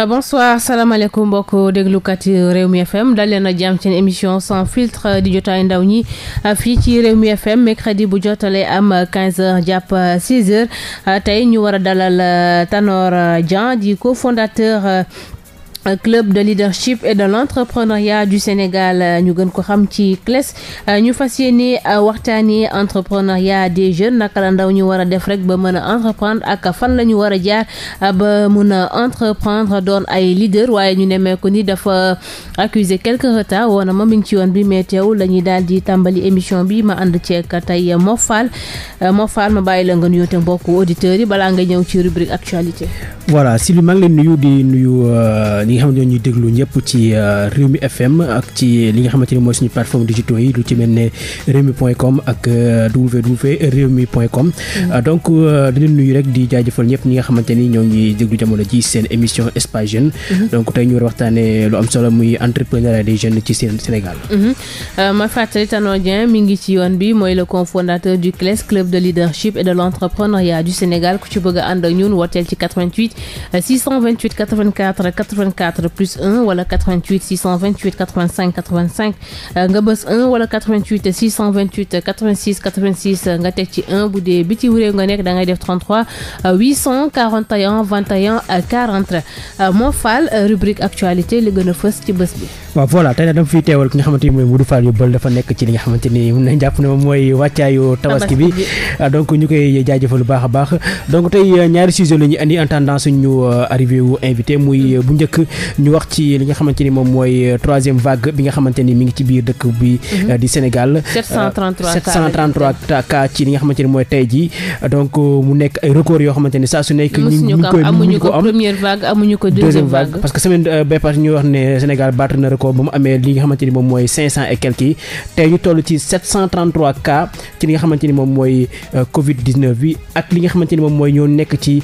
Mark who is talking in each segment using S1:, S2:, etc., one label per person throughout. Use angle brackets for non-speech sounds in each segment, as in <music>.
S1: Ah, bonsoir salaamaaleykum mbokk déglukat yi mi FM dal leen a jàmm seen émission sans filtre di jotaay ndaw ñi ah, fii ci Rewmi FM mercredi bu jotalee am 15 heures jàpp 16 heures ah, tey ñu war a dalal Tanor Dieng di cofondateur club de leadership et de l'entrepreneuriat du Sénégal euh, ñu gën ko xam ci CLES euh, ñu fas yéene euh, waxtaanee yaa des jeunes naka la ndaw ñu war a def rek ba mën a entreprendre ak fan la ñu war a jaar ba mën a entreprendre doon ay leader waaye ñu nemee ko ni dafa accuser quelque retard woona ma mi ngi ci yoon bi mais teew la ñuy daal di tàmbali émission bi ma ànd ceeg tey Mofal Mofal ma bàyyi la nga nuyoo te mbokk auditeurs yi balaa nga ñëw ci rubrique actualité.
S2: ñi nga xamante ne ñuy déglu ñëpp ci euh, Rewmi FM ak ci li nga xamante ni mooy suñu plateforme digitaux yi lu ci mel ne rewmi point com ak www euh, rewmi point com mm-hmm. euh, donc di leen nuyu rek di jaajëfal ñëpp ñi nga xamante ni ñoo ngi déglu jamono ji seen émission Espace mm-hmm. donc tey ñu war waxtaane lu am solo muy entrepreneuriat des jeunes ci seen Sénégal
S1: mm-hmm. ma fàttali Tanor Dieng mi ngi ci yoon bi mooy le cofondateur du CLES club de leadership et de l'entrepreneuriat du Sénégal ku ci bëgg a ànd ak ñun wooteel ci 88 628 84 4 plus 1 wala 88 628 85 85 nga bës 1 wala 88 628 86 86 nga teg ci 1 bu dee biti réew nga nekk da ngay def 33 841 21 40 moo faal euh, rubrique actualité li gën a fës ci bës bi.
S2: waaw voilà tey nag dama fiy teewal ki nga xamante ni mooy Modou Fall Yeumbeul dafa nekk ci li nga xamante ni mun nañ jàpp ne moom mooy wàccaayu tabaski bi ah, donc ñu koy jaajëfal lu baax a baax donc tey euh, ñaari sujet la ñu andi en attendant suñu euh, arrivé wu invité muy bu njëkk ñu wax ci li nga xamante ni moom mooy euh, troisième vague bi nga xamante ni mi ngi ci biir dëkk bi mhm. euh, di Sénégal 733 euh, cas ci li nga xamante ni mooy tey ji donc mu nekk ay record yoo xamante ni saa su nekk ñu ngi koy amuñu ko am
S1: première vague amuñu ko deuxième
S2: vague parce que semaine bee passée ñu wax ne Sénégal battre na record ba mu amee li nga xamante moom mooy 500 et quelques yi tey ñu toll ci 733 cas ci li nga xamante ni moom mooy Covid 19 bi ak li nga xamante ni moom mooy ñoo nekk ci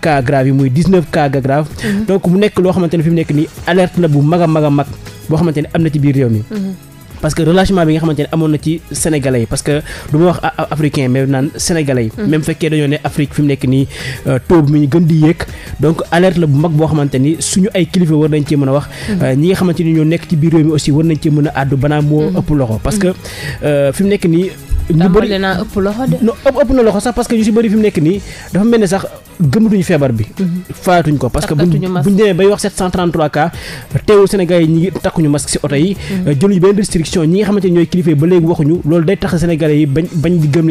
S2: cas grave yi muy 19 cas grave mhm. donc mu nekk boo xamante nekk nii alerte la bu mag a mag a mag boo xamante am na ci biir réew mi. Mhm. parce que relâchement bi nga xamante amoon na ci sénégalais yi parce que du wax africain mais naan sénégalais yi. Mhm. même fekkee dañoo ne Afrique fi nekk nii euh, taux bi mu gën di yéeg donc alerte la bu mag boo xamante ni suñu ay kilifa war nañ cee mën a wax. Mhm. Euh, ñi nga xamante ñoo nekk ci biir réew mi aussi war nañ cee mën a àddu banaa moo ëpp loxo parce que euh, fi nekk ñu bëri naa ëpp loxo de. non ëpp ëpp na loxo sax parce que ñu si bëri fi nekk nii dafa mel ni sax gëmatuñu feebar bi. Mhm. faatuñ ko parce que buñ bay wax 733 teewul Sénégal yi ñi ngi takkuñu masque si oto yi. Mhm. Euh, jëluñu benn restriction ñi nga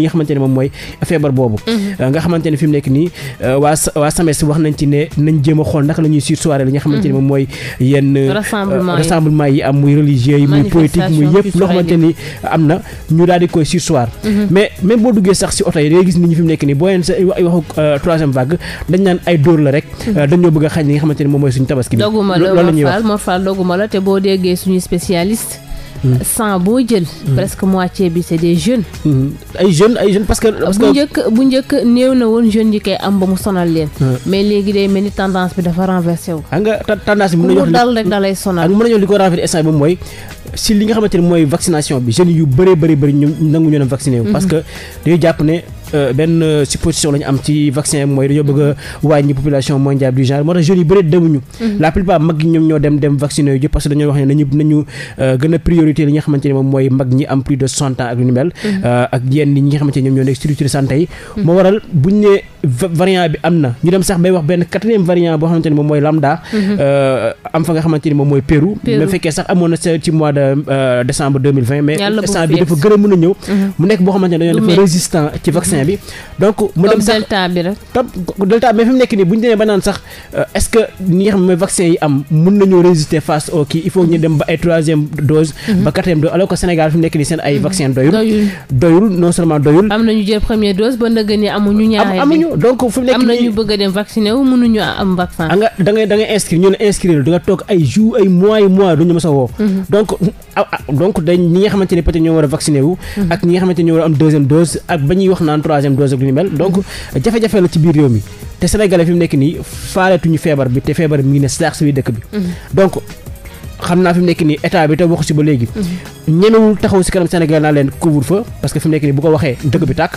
S2: xamante ne mooy feebar boobu. Mhm. Euh, nga xamante ne nekk nii euh, waa waa SAMES e wax nañ ci ne nañ jéem a xool naka la ñuy sursoiré li nga xamante ne mooy yenn. rassemblement yi am muy religieux yi muy politique muy yëpp loo xamante ni am na ñu daal di koy waar mhm. mais même boo duggee sax si oto yi dangay gis nit ñi fi nekk nii boo leen sa ay waxu euh, troisième vague dañ naan ay dóor la rek mhm. euh, dañoo bëgg a xañ li nga xamante ne moom mooy suñu tabaski bi loolu la ñuy wax
S1: doguma la te boo déggee suñu spécialiste cent boo jël. presque moitié bi c'est des jeunes.
S2: Mm-hmm. ay jeunes ay jeunes parce que. bu njëkk
S1: bu njëkk néew na woon jeunes yi koy am ba mu sonal leen. mais léegi day mel ni tendance bi dafa renversé wu.
S2: xam nga tendance bi mën nañu dal rek da lay sonal. mën nañu li ko renversé instant bi mooy si li nga xamante ne mooy vaccination bi jeunes yu bëree bëri bëri ñoom nangu ñu na vacciné wu. Mm-hmm. parce que day jàpp ne. Euh, benn euh, supposition la ñu am ci vaccin mooy dañoo bëgg a wàññi population mondiale du genre moo tax jeunes bëri demuñu mhm. la plupart mag ñoom ñoo dem dem vacciné yu parce que dañoo wax nañu nañu euh, gën priorité li nga xamante ne moom mooy mag ñi am plus de cent ans ak ni mel mhm. ak yenn ñi xamante ne ñoom ñoo nekk structure santé yi mhm. moo waral buñ ne variant bi am na ñu dem sax bay wax benn quatrième variant boo xamante moom mooy lambda. Mhm. Euh, am fa nga xamante moom mooy Pérou. Pérou fekkee sax amoon na ci mois de euh, décembre mais instant a mën a mhm. mhm. nekk nii bu ñu demee ba naan sax euh, est-ce que ñi nga xam yi am mun nañoo résister face au il faut ñu dem ba ay troisième dose. ba quatrième dose alors
S1: que Sénégal fi nekk nii seen ay vaccin doyul. doyul non seulement doyul. am nañu jël première dose ba nag amuñu donc fu mu nekk am na ñu bëgg a dem vacciné wu mënuñu am vaccin. da nga da ngay da ngay
S2: inscrire ñu ne inscrire da nga toog ay jours ay mois yi mois du ñu mës a woo. Mhm. donc ah, ah, donc dañ ñi nga xamante ne peut être ñoo war a vacciné wu. Mhm. ak ñi nga xamante ne ñoo war a am deuxième dose ak ba ñuy wax naan troisième dose ak lu ñu mel donc mhm. jafe-jafe la ci biir réew mi te Sénégalais fi mu nekk nii faaletuñu feebar bi te feebar mi ngi ne saax si dëkk bi donc xam naa fi mu nekk nii état bi te waxu si ba léegi ñemewul taxaw si kanam Sénégal naa leen couvre feu parce que fi mu nekk nii bu ko waxee dëkk bi tàkk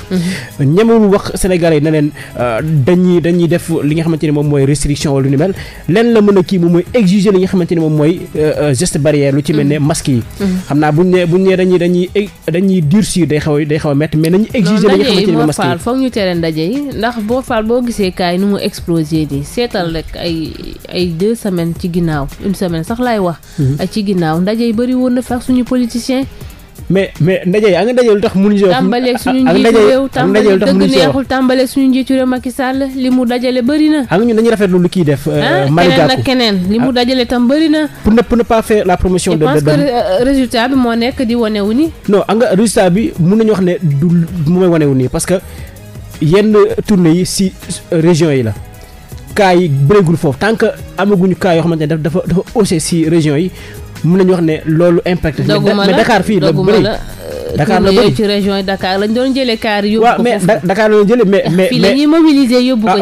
S2: ñemewul wax Sénégalais yi na leen euh, dañuy def li nga xamante ne moom mooy restriction wala lu ni mel leen la a kii moom mooy exiger li nga xamante ne moom mooy euh, euh, geste barrière lu ci mel ne mm-hmm. masque yi mm-hmm. xam naa buñ ne buñ ne dañuy dañuy eh, dañuy day xaw a a mais nañu exiger li nga xamante ne moom masque yi
S1: foog ñu tere ndaje yi ndax boo faal boo gisee kaay nu mu explosé di seetal rek ay deux semaines Mhm. ak ci ginnaaw ndaje yi bëri woon na fa suñu politiciens.
S2: mais mais ndaje yi ak ndaje lu tax mënuñu si wax. tàmbaleeg suñu njiitu réew tàmbaleeg dëgg neexul
S1: tàmbaleeg suñu njiitu ma Macky sàll li mu dajale bëri na.
S2: ak ñun dañuy rafetlu lu kii def. Euh, ah, Malick Gakou keneen ak
S1: keneen li mu ah. dajale tam bëri na.
S2: pour nëpp pour ne pas faire la promotion. de de je pense que euh,
S1: résultat bi moo nekk di wane wu nii
S2: non a nga résultat bi mun nañu wax ne du mooy wane wu nii parce que yenn tournée yi si euh, région yi la cas yi bëreegul foofu tant que amaguñu cas yoo xamante ne dafa dafa si région yi mën nañu wax ne loolu impact. mais la bëri Dakar la bëri ci
S1: région la doon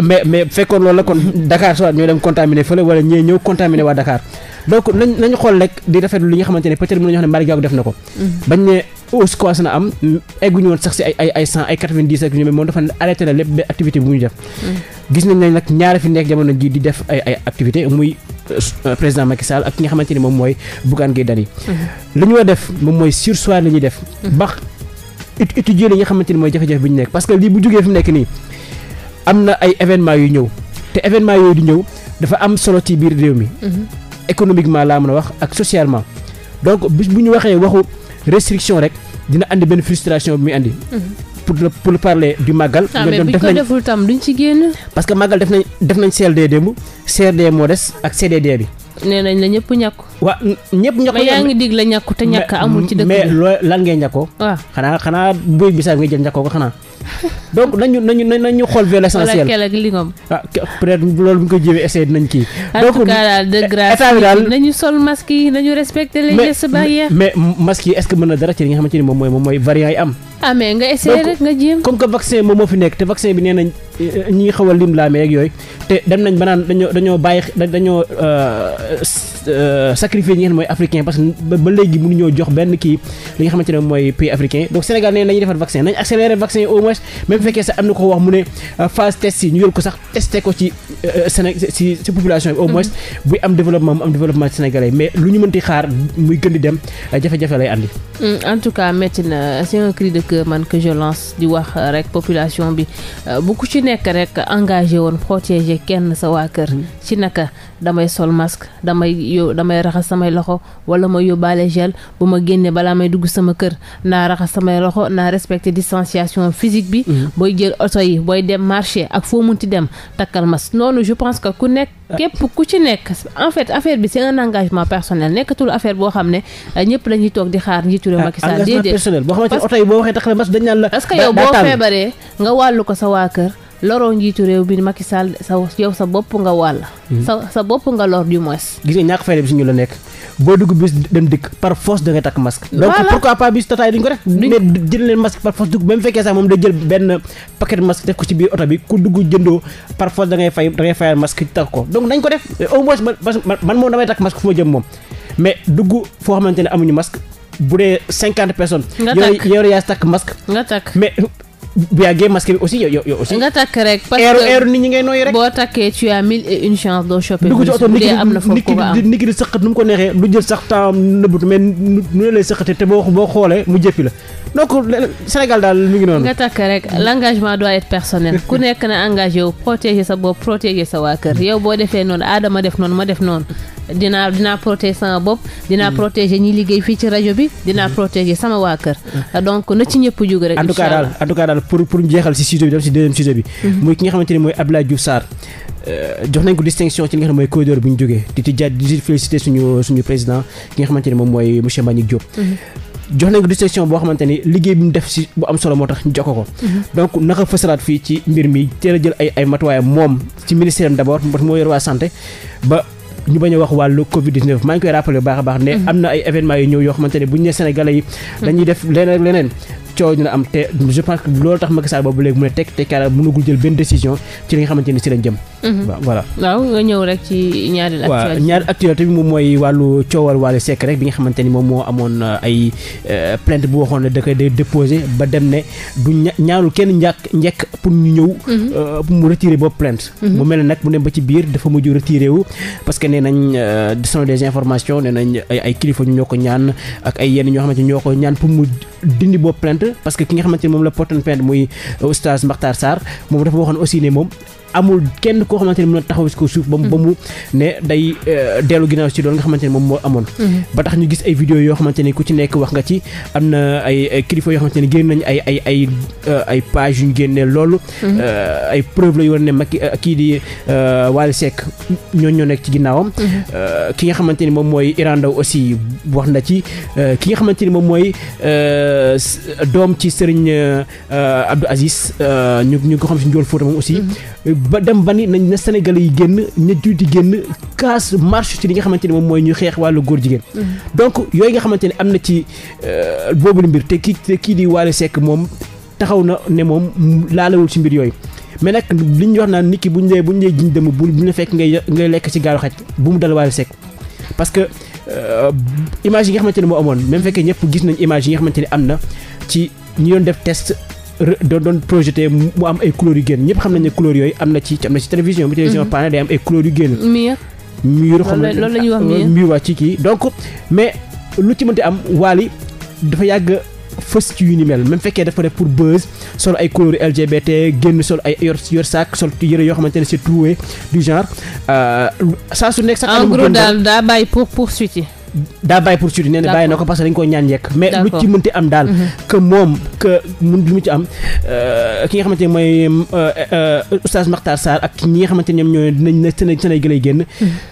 S2: mais ah, fekkoon loolu la kon Dakar soit ñoo dem contaminé fële wala ñëw contaminé waa Dakar donc nañ nañu xool rek di rafetlu li nga xamante ne peut nañu wax ne Malick Gakou def na ko
S3: mm-hmm.
S2: hausse commencé na am egguñu woon sax si ay ay cent ay quatre vingt dix ak ñu moom dafa arrêté na lépp benn activité bu muy def. Mm. gis ne nag ñaara fi nekk jamono ji di def ay ay activité muy euh, président Macky ak ki xamante ni moom mooy Bougane Gueye Dany. Mm. li ñu war def moom mooy sursoir la ñuy def. Mm. bax étudier li nga xamante ni mooy jafe-jafe bi ñu nekk parce que lii bu jógee fi mu nekk nii am na ay événements yu ñëw te événement yooyu di ñëw dafa am solo ci biir réew mi. Mm-hmm. économiquement laa mën a wax ak socialement donc bis restriction rek dina andi benn frustration bi muy andi. Mhm. pour le pour parler di màggal. Ah, mais bu ñu ko deful
S1: tam ci génn.
S2: parce que màggal def nañ def nañ CLD démb CRD moo des ak CDD bi.
S1: nee nañ la ñëpp ñàkku. waa ñëpp ñàkku yaa ngi dig ñàkku te ñàkk amul ci dëkk mais
S2: loo lan ngay ñàkkoo. waaw ah. xanaa xanaa buy bisaab ngay jël ñàkkoo ko xanaa. <laughs> donc nañu nañu nañu
S1: xool vers l'essentiel. wala ak lingom.
S2: ah peut-être loolu bu ñu ko jëwee essayé dinañ kii. donc en tout cas daal de grâce état bi daal nañu
S1: sol masque yi nañu respecté les gestes barrières. mais
S2: masque yi est-ce que mën na dara ci li nga xamante ni moom mooy moom mooy variant yi am.
S1: ah mais nga essayé rek
S2: nga jéem. comme que vaccin moom moo fi nekk te vaccin bi nee nañ ñi ngi xaw a lim laamee ak yooyu te dem nañ ba naan dañoo dañoo bàyyi dañoo euh, euh, sacrifier ñi nga xam mooy africain parce que ba léegi mënuñoo jox benn kii li nga xamante ne mooy pays africain donc Sénégal nee nañu defar vaccin nañ accélérer vaccin au moins moins même bu fekkee sax am na ko wax mu ne euh, phase test yi ñu yor ko sax testé ko ci euh, Séné si si population bi au mhm. moins buy am développement mu am développement ci Sénégalais mais lu ñu mënti xaar muy gën di dem euh, jafe-jafe lay andi.
S1: Mm, en tout cas métti na c'est un man que je di wax rek population bi bu ku ci nekk rek engagé woon protéger kenn sa waa kër mhm. ci naka. damay sol masque damay yo damay raxas samay loxo wala ma yóbbaale gel bu ma génnee balaa may dugg sama kër naa raxas samay loxo naa respecté distanciation physique bi. Mhm. booy jël oto yi booy dem marché ak foo munti dem takkal masque noonu je pense que ku nekk. Ah. képp ku ci nekk en fait affaire bi c'est un engagement personnel nekkatul affaire boo xam ne euh, ñëpp dañuy toog di xaar njiitu réew ah, Macky Sall déedéet engagement personnel boo xamante ne oto
S2: yi boo waxee takkal masque la. est-ce
S1: que ko sa waa loroo njiitu réew bi Macky Sall sa yow sa bopp nga wàll. Hmm. sa sa bopp nga lor du moins.
S2: gis nga ñàkk fay dem si ñu la nekk boo dugg bis dem dikk par force takk masque. donc pourquoi ko def. mais jël leen masque par force dugg même man moom damay takk masque fu ma jëm moom mais dugg foo xamante ne amuñu masque bu dee cinquante personnes. nga takk yore nga takk bu yàggee masque bi aussi yow yow
S1: aussi. nga takk rek parce que eeru nit ñi ngay nooyi rek. boo takkee tu as une chance doo choper. dugg ci oto nit ki
S2: nit ko neexee lu jël sax temps nëbbatu mais te boo boo xoolee mu jëppi la donc Sénégal daal mi ngi nga
S1: takk rek l' engagement doit être personnel. ku nekk na engagé wu protéger sa bopp protéger sa waa kër mm. yow boo defee noonu aadama def noonu ma def noonu. dinaa dinaa protéger sama bopp. dinaa mm. protéger ñi liggéey fii mm-hmm. sama waa kër. Mm-hmm. donc na ci ñëpp jug rek. en daal
S2: en pour pour jeexal si sujet bi dem si deuxième sujet bi. Mm-hmm. muy ki euh, li nga xam ne mooy corridor bu ñu jógee di xamante ni moom mooy monsieur Mbagnick Diop. jox nañ ko distinction boo xamante ni liggéey bi mu def si bu am solo moo tax ñu jox ko. donc naka fësalaat fii ci mbir mi teel a jël ay ay matuwaayam moom ci ministère am d' abord moo yor waa santé ba. ñu bañ a wax wàllu Covid 19 maa ngi koy rappelé baax a baax ne mhm. am na ay événements yu ñëw yoo xamante ne bu ñu ne Sénégalais yi mhm. dañuy def leneen leneen coow dina am te je pense que loolu tax Macky boobu léegi mu ne tekk tekkaala mënagul jël nga xamante ni si jëm.
S1: Mhm. waaw nga ñëw rek ci ñaari. actualité
S2: waaw ñaari bi moom mooy wàllu coowal Wally Seck rek bi nga xamante ni moom moo amoon euh, ay euh, plainte bu waxoon ne da koy déposé ba dem ne du ñaanul kenn njekk pour ñu ñëw. Mhm. Euh, pour mu retirer boobu plainte. Mhm. mu mel ne nag mu dem ba ci biir dafa mujj retiré wu parce que nee nañ ce sont des informations nee nañ ay kilifa ñu ñoo ko ñaan ak ay yenn ñoo xamante ñoo parce que ki nga xamante ni moom la Potton Pend muy euh, oustaz Makhtar Sarr moom dafa waxoon aussi ne moom amul kenn koo xamante ne mën na taxaw si ko suuf ba mu ne day euh, dellu ginnaaw si doon nga xamante ne moom moo amoon mm-hmm. ba tax ñu gis ay vidéo yoo xamante ne ku ci nekk wax nga ci am na ay kilifa yoo xamante ne génn nañ ay ay ay euh, ay page yu ñu génnee loolu mm-hmm. euh, ay preuve la ne mag kii di Wally Seck ñooñ nekk ci ginnaawam mm-hmm. ki nga xamante ni moom mooy Iran aussi wax na ci ki nga xamante ni moom mooy doom ci Serigne Abdou Aziz ñu ñu ko xam si njool Fouta moom aussi ba dem ba ni nañ na Sénégalais yi génn ña jiw di génn kaas marche ci li nga xamante ne moom mooy ñu xeex wàllu góor jigéen. Mm-hmm. donc yooyu nga xamante ne am na ci euh, boobu mbir te kii kii di Wally Seck moom taxaw na ne moom laalawul ci mbir yooyu. mais nag li ñu wax naan nit ki bu ñu lay bu ñu lay bu ñu la fekk ngay ngay lekk ci gaalu mu dal Wally parce que euh, image yi nga xamante ne moo amoon même fekkee ñëpp gis nañ image nga xamante ne am na ci ñi doon def test doon projeté mu am ay couleurs yu génn ñëpp xam nañ ne couleurs yooyu am na ci am na ci télévision bi télévision mm-hmm. paane day am ay couleurs yu génn mur xam na loolu la ñuy wax mur ah, waa ci kii donc mais lu ci mënti am Wally dafa yàgg fës ci yu ni mel mu fekkee dafa def pour buzz sol ay couleur LGBT génn sol ay yor yor sac sol yëre yoo xamante ne c'est troué du genre euh, saa su nekk sax en gros daal
S1: daa bàyyi pour poursuite yi
S2: daa bàyyi pour suite nee na bàyyi na ko parce que dañ ko ñaan njekk mais lu ci mënti am daal mm-hmm. que moom que mun lu mu ci am euh, ki nga xamante ne mooy euh, euh, oustaz Makhtar Sarr ak ñi nga xamante ñoom ñooy dinañ na seen ay gën génn mm-hmm.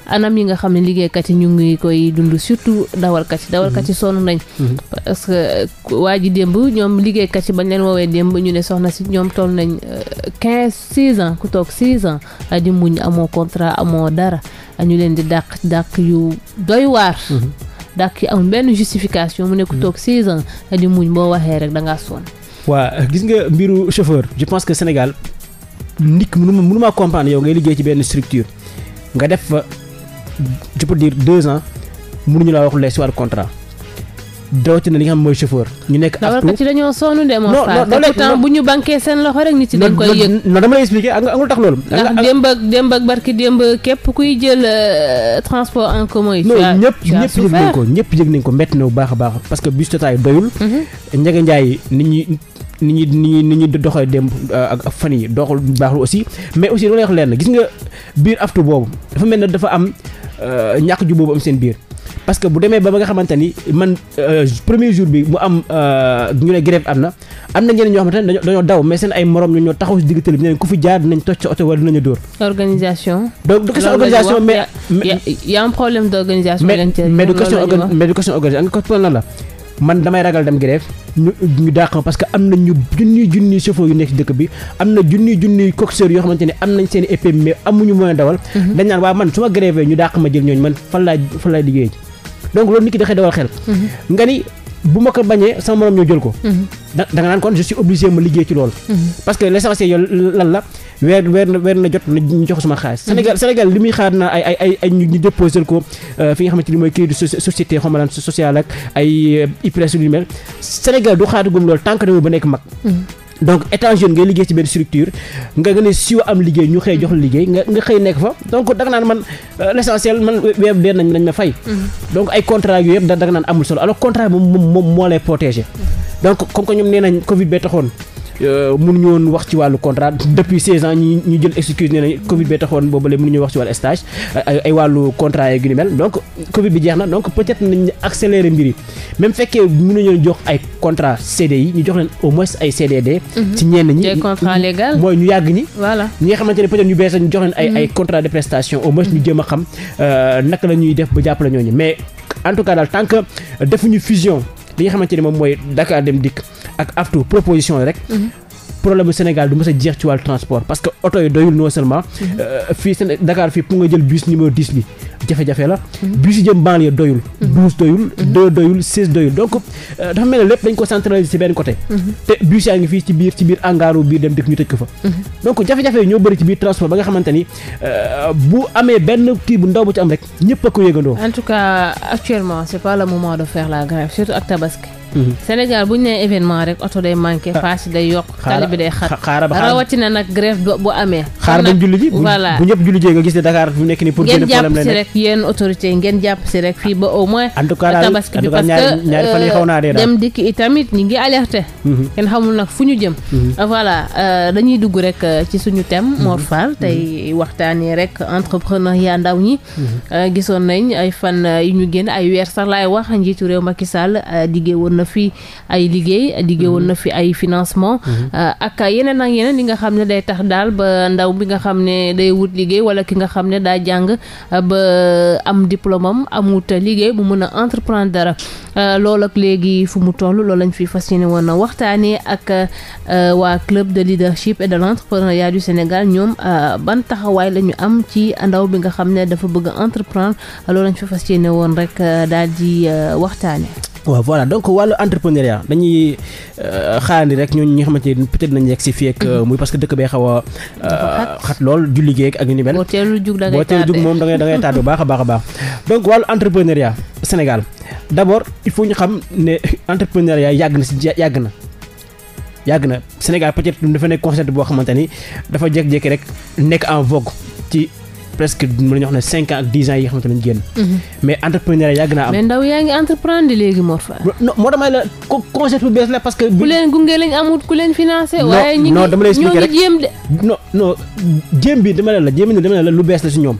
S1: anam yi nga xam ne liggéeykat yi ñu ngi koy dund surtout dawalkat yi dawalkat yi sonn nañ mhm. parce que waa ji démb ñoom liggéeykat yi bañ leen woowee démb ñu ne soxna si ñoom toll nañ euh, quinze six ans ku toog six ans ah, di amoo contrat amoo dara ah, ñu leen di dàq dàq yu doy waar mhm. dàq yi amul benn justification mu ne ku mhm. toog six ah, muñ boo waxee rek da ngaa sonn
S2: waa gis nga mbiru chauffeur je pense que Sénégal nit mënu mënu maa comprendre yow ngay liggéey ci benn structure nga def je peux dire deux ans mënuñu laa wax lu si wàllu contrat. dootina li xam mooy chauffeur. ñu nekk aftu
S1: ci dañoo sonn de moo faa te pourtant bu ñu banquee seen loxo rek nit ci dañ koy
S2: yëg non ko ñëpp yëg nañ ko métti na bu baax a baax parce que bus Tata yi doyul mhm. njege njaay nit ñi nit ñi nit ñi nit ñi doxee démb euh, ak fan yi doxul baaxul aussi mais aussi loolu wax leen gis nga biir aftu boobu dafa mel ne dafa am Euh, ñàkk ju boobu am seen biir parce que bu demee ba ba nga xamante ni man euh, premier jour bi mu am euh, ñu ne grève am na am na ñeneen ñoo xamante ne dañoo daw mais seen ay morom ñu ñoo taxaw digg télé bi ne ku fi jaar dinañ toj sa oto wala dinañu dóor.
S1: organisation.
S2: donc du question organisation mais.
S1: y a un problème d'organisation. mais du question mais
S2: du question organisation nga ko lan la. man damay ragal dem grève ñu ñu dàq parce que am na ñu junniy junniy chauffeur yu nekk ci dëkk bi am na junniy junniy coxeur yoo xamante ni am nañ seen épée mais amuñu moyen dawal mhm. dañ naan waaw man su ma grève ñu dàq ma jël ñooñu man fan laay fan laay liggéey donc loolu nit ki dafay dawal xel mhm. nga ni bu ma ko bañee sama morom ñoo jël ko mhm. da nga naan kon je suis ma liggéey ci loolu parce que l'essentiel lan la weer weer na weer na jot ñu jox sama xaalis mhm. Sénégal Sénégal li muy xaar naa ay ay ñu déposé ko euh, fi nga xamante ni mooy kii di société xamalaan sociale ak ay euh, IPRES yu mel Sénégal du xaatagum loolu tànk dama ba nekk mag mhm. donc étant jeune liggéey ci benn structure nga nga ne siwa am liggéey ñu xëy jox la liggéey nga nga xëy nekk fa donc da nga naan man euh, l'essentiel man weer nañ nañ ma fay mhm. donc ay contrat yooyu yëpp da nga naan amul solo alors contrat moom moom moo lay protégé donc comme ñoom nee nañ covid bee taxoon Euh, mënuñu woon wax ci wàllu contrat depuis 16 ans ñi ñu jël excuse nee nañ Covid bee taxoon boobale mënuñu wax ci wàllu stage ay wàllu contrat yeeg yu mel donc Covid bi jeex na donc peut-être nañ accélérer mbir yi même fekkee mënuñu jox ay contrat yi ñu jox leen au moins ay CDD. Mhm. ci ñenn ñi contrat légal mooy ñu yàgg ñi. voilà ñi nga xamante ne peut-être ñu bees ñu jox leen ay mhm. ay contrat de prestation au moins ñu jëm mhm. a xam euh, naka la ñuy def ba jàppale ñooñu mais en tout cas daal tant que defuñu fusion. li nga xamante ni moom mooy Dakar dem dikk ak aftu proposition yi problème bu Sénégal du mës a jeex ci wàllu transport parce que oto yi doyul non seulement euh, fii Séné Dakar fii pour nga jël bus numéro 10 bi jafe-jafe la bus yi jëm banlieue doyul 12 doyul 2 doyul 16 doyul donc euh, dafa mel ne lépp dañ ko centraliser ci benn côté te bus yaa ngi fii ci biir ci biir angaaru biir dem dëkk ñu tëj ko fa donc jafe-jafe yi ñoo bëri ci biir transport ba nga xamante ni euh, bu amee benn kii bu ndaw bu ci am rek ñëpp a ko yëgandoo
S1: tout cas actuellement c'est pas le moment la grève surtout ak Mhm. Sénégal bu ñu nee événement rek oto day manqué paas yi day yokk tali bi day xat rawatina nag grève bu amee xaar dañ julli ji voilà bu
S2: ñëpp julli nga gis ne Dakar fu nekk ni pour ngeen jàpp si rek
S1: yéen autorité ngeen jàpp si rek fii ba au moins parce que euh, dem dikk itamit ñi ngi alerte mhm. kenn xamul nag fu ñu jëm mhm. euh, voilà euh, dañuy dugg rek ci suñu thème Mor Fall tey waxtaanee rek yaa ndaw ñi gisoon nañ ay fan yu ñu génn ay weer sax laay wax njiitu réew Macky Sall diggee woon na fi ay liggéey liggéeyoon na fi ay financement mhm. ak yeneen ak yeneen li nga xam ne day tax daal ba ndaw bi nga xam ne day wut liggéey wala ki nga xam ne daa jàng uh, ba am diplôme am amut liggéey bu mun a entreprendre dara uh, loolu ak léegi fu mu toll loolu lañ fi fas yéene woon na waxtaanee ak uh, waa club de leadership et de l'entrepreneuriat du Sénégal ñoom ban taxawaay la am ci ndaw bi nga xam ne dafa bëgg entreprendre loolu lañ fi fas yéene woon rek daal di waxtaanee.
S2: waaw voilà donc wàllu entrepreneuriat dañuy euh, xaarandi rek ñooñu ñi nga xamante ni peut-être nañ yegg si fii ak euh, muy parce que dëkk bee xaw a euh, xat lool ju liggéey ak ni mel boo teelu jug moom da ngay da bu baax a baax a baax donc wàllu entrepreneuriat Sénégal d'abord il faut ñu xam ne entrepreneuriat yàgg na si yàgg na yàgg na Sénégal peut-être dafa nekk concept boo xamante ni dafa jékki-jékki rek nekk en vogue ci presque mën nañu wax ne cinq ans ak dix ans yi nga xamante nañ génn. Mhm. mais entrepreneuriat yàgg naa am. mais
S1: ndaw yaa ngi entreprendre léegi Mor Fadam.
S2: moo damay la concept bu bees la parce que. ku leen
S1: gunge lañ amut ku leen financé. waaye ñu ngi ñoo ngi jéem de.
S2: non non jéem bi dama la jéem bi dama ne la lu bees la si ñoom.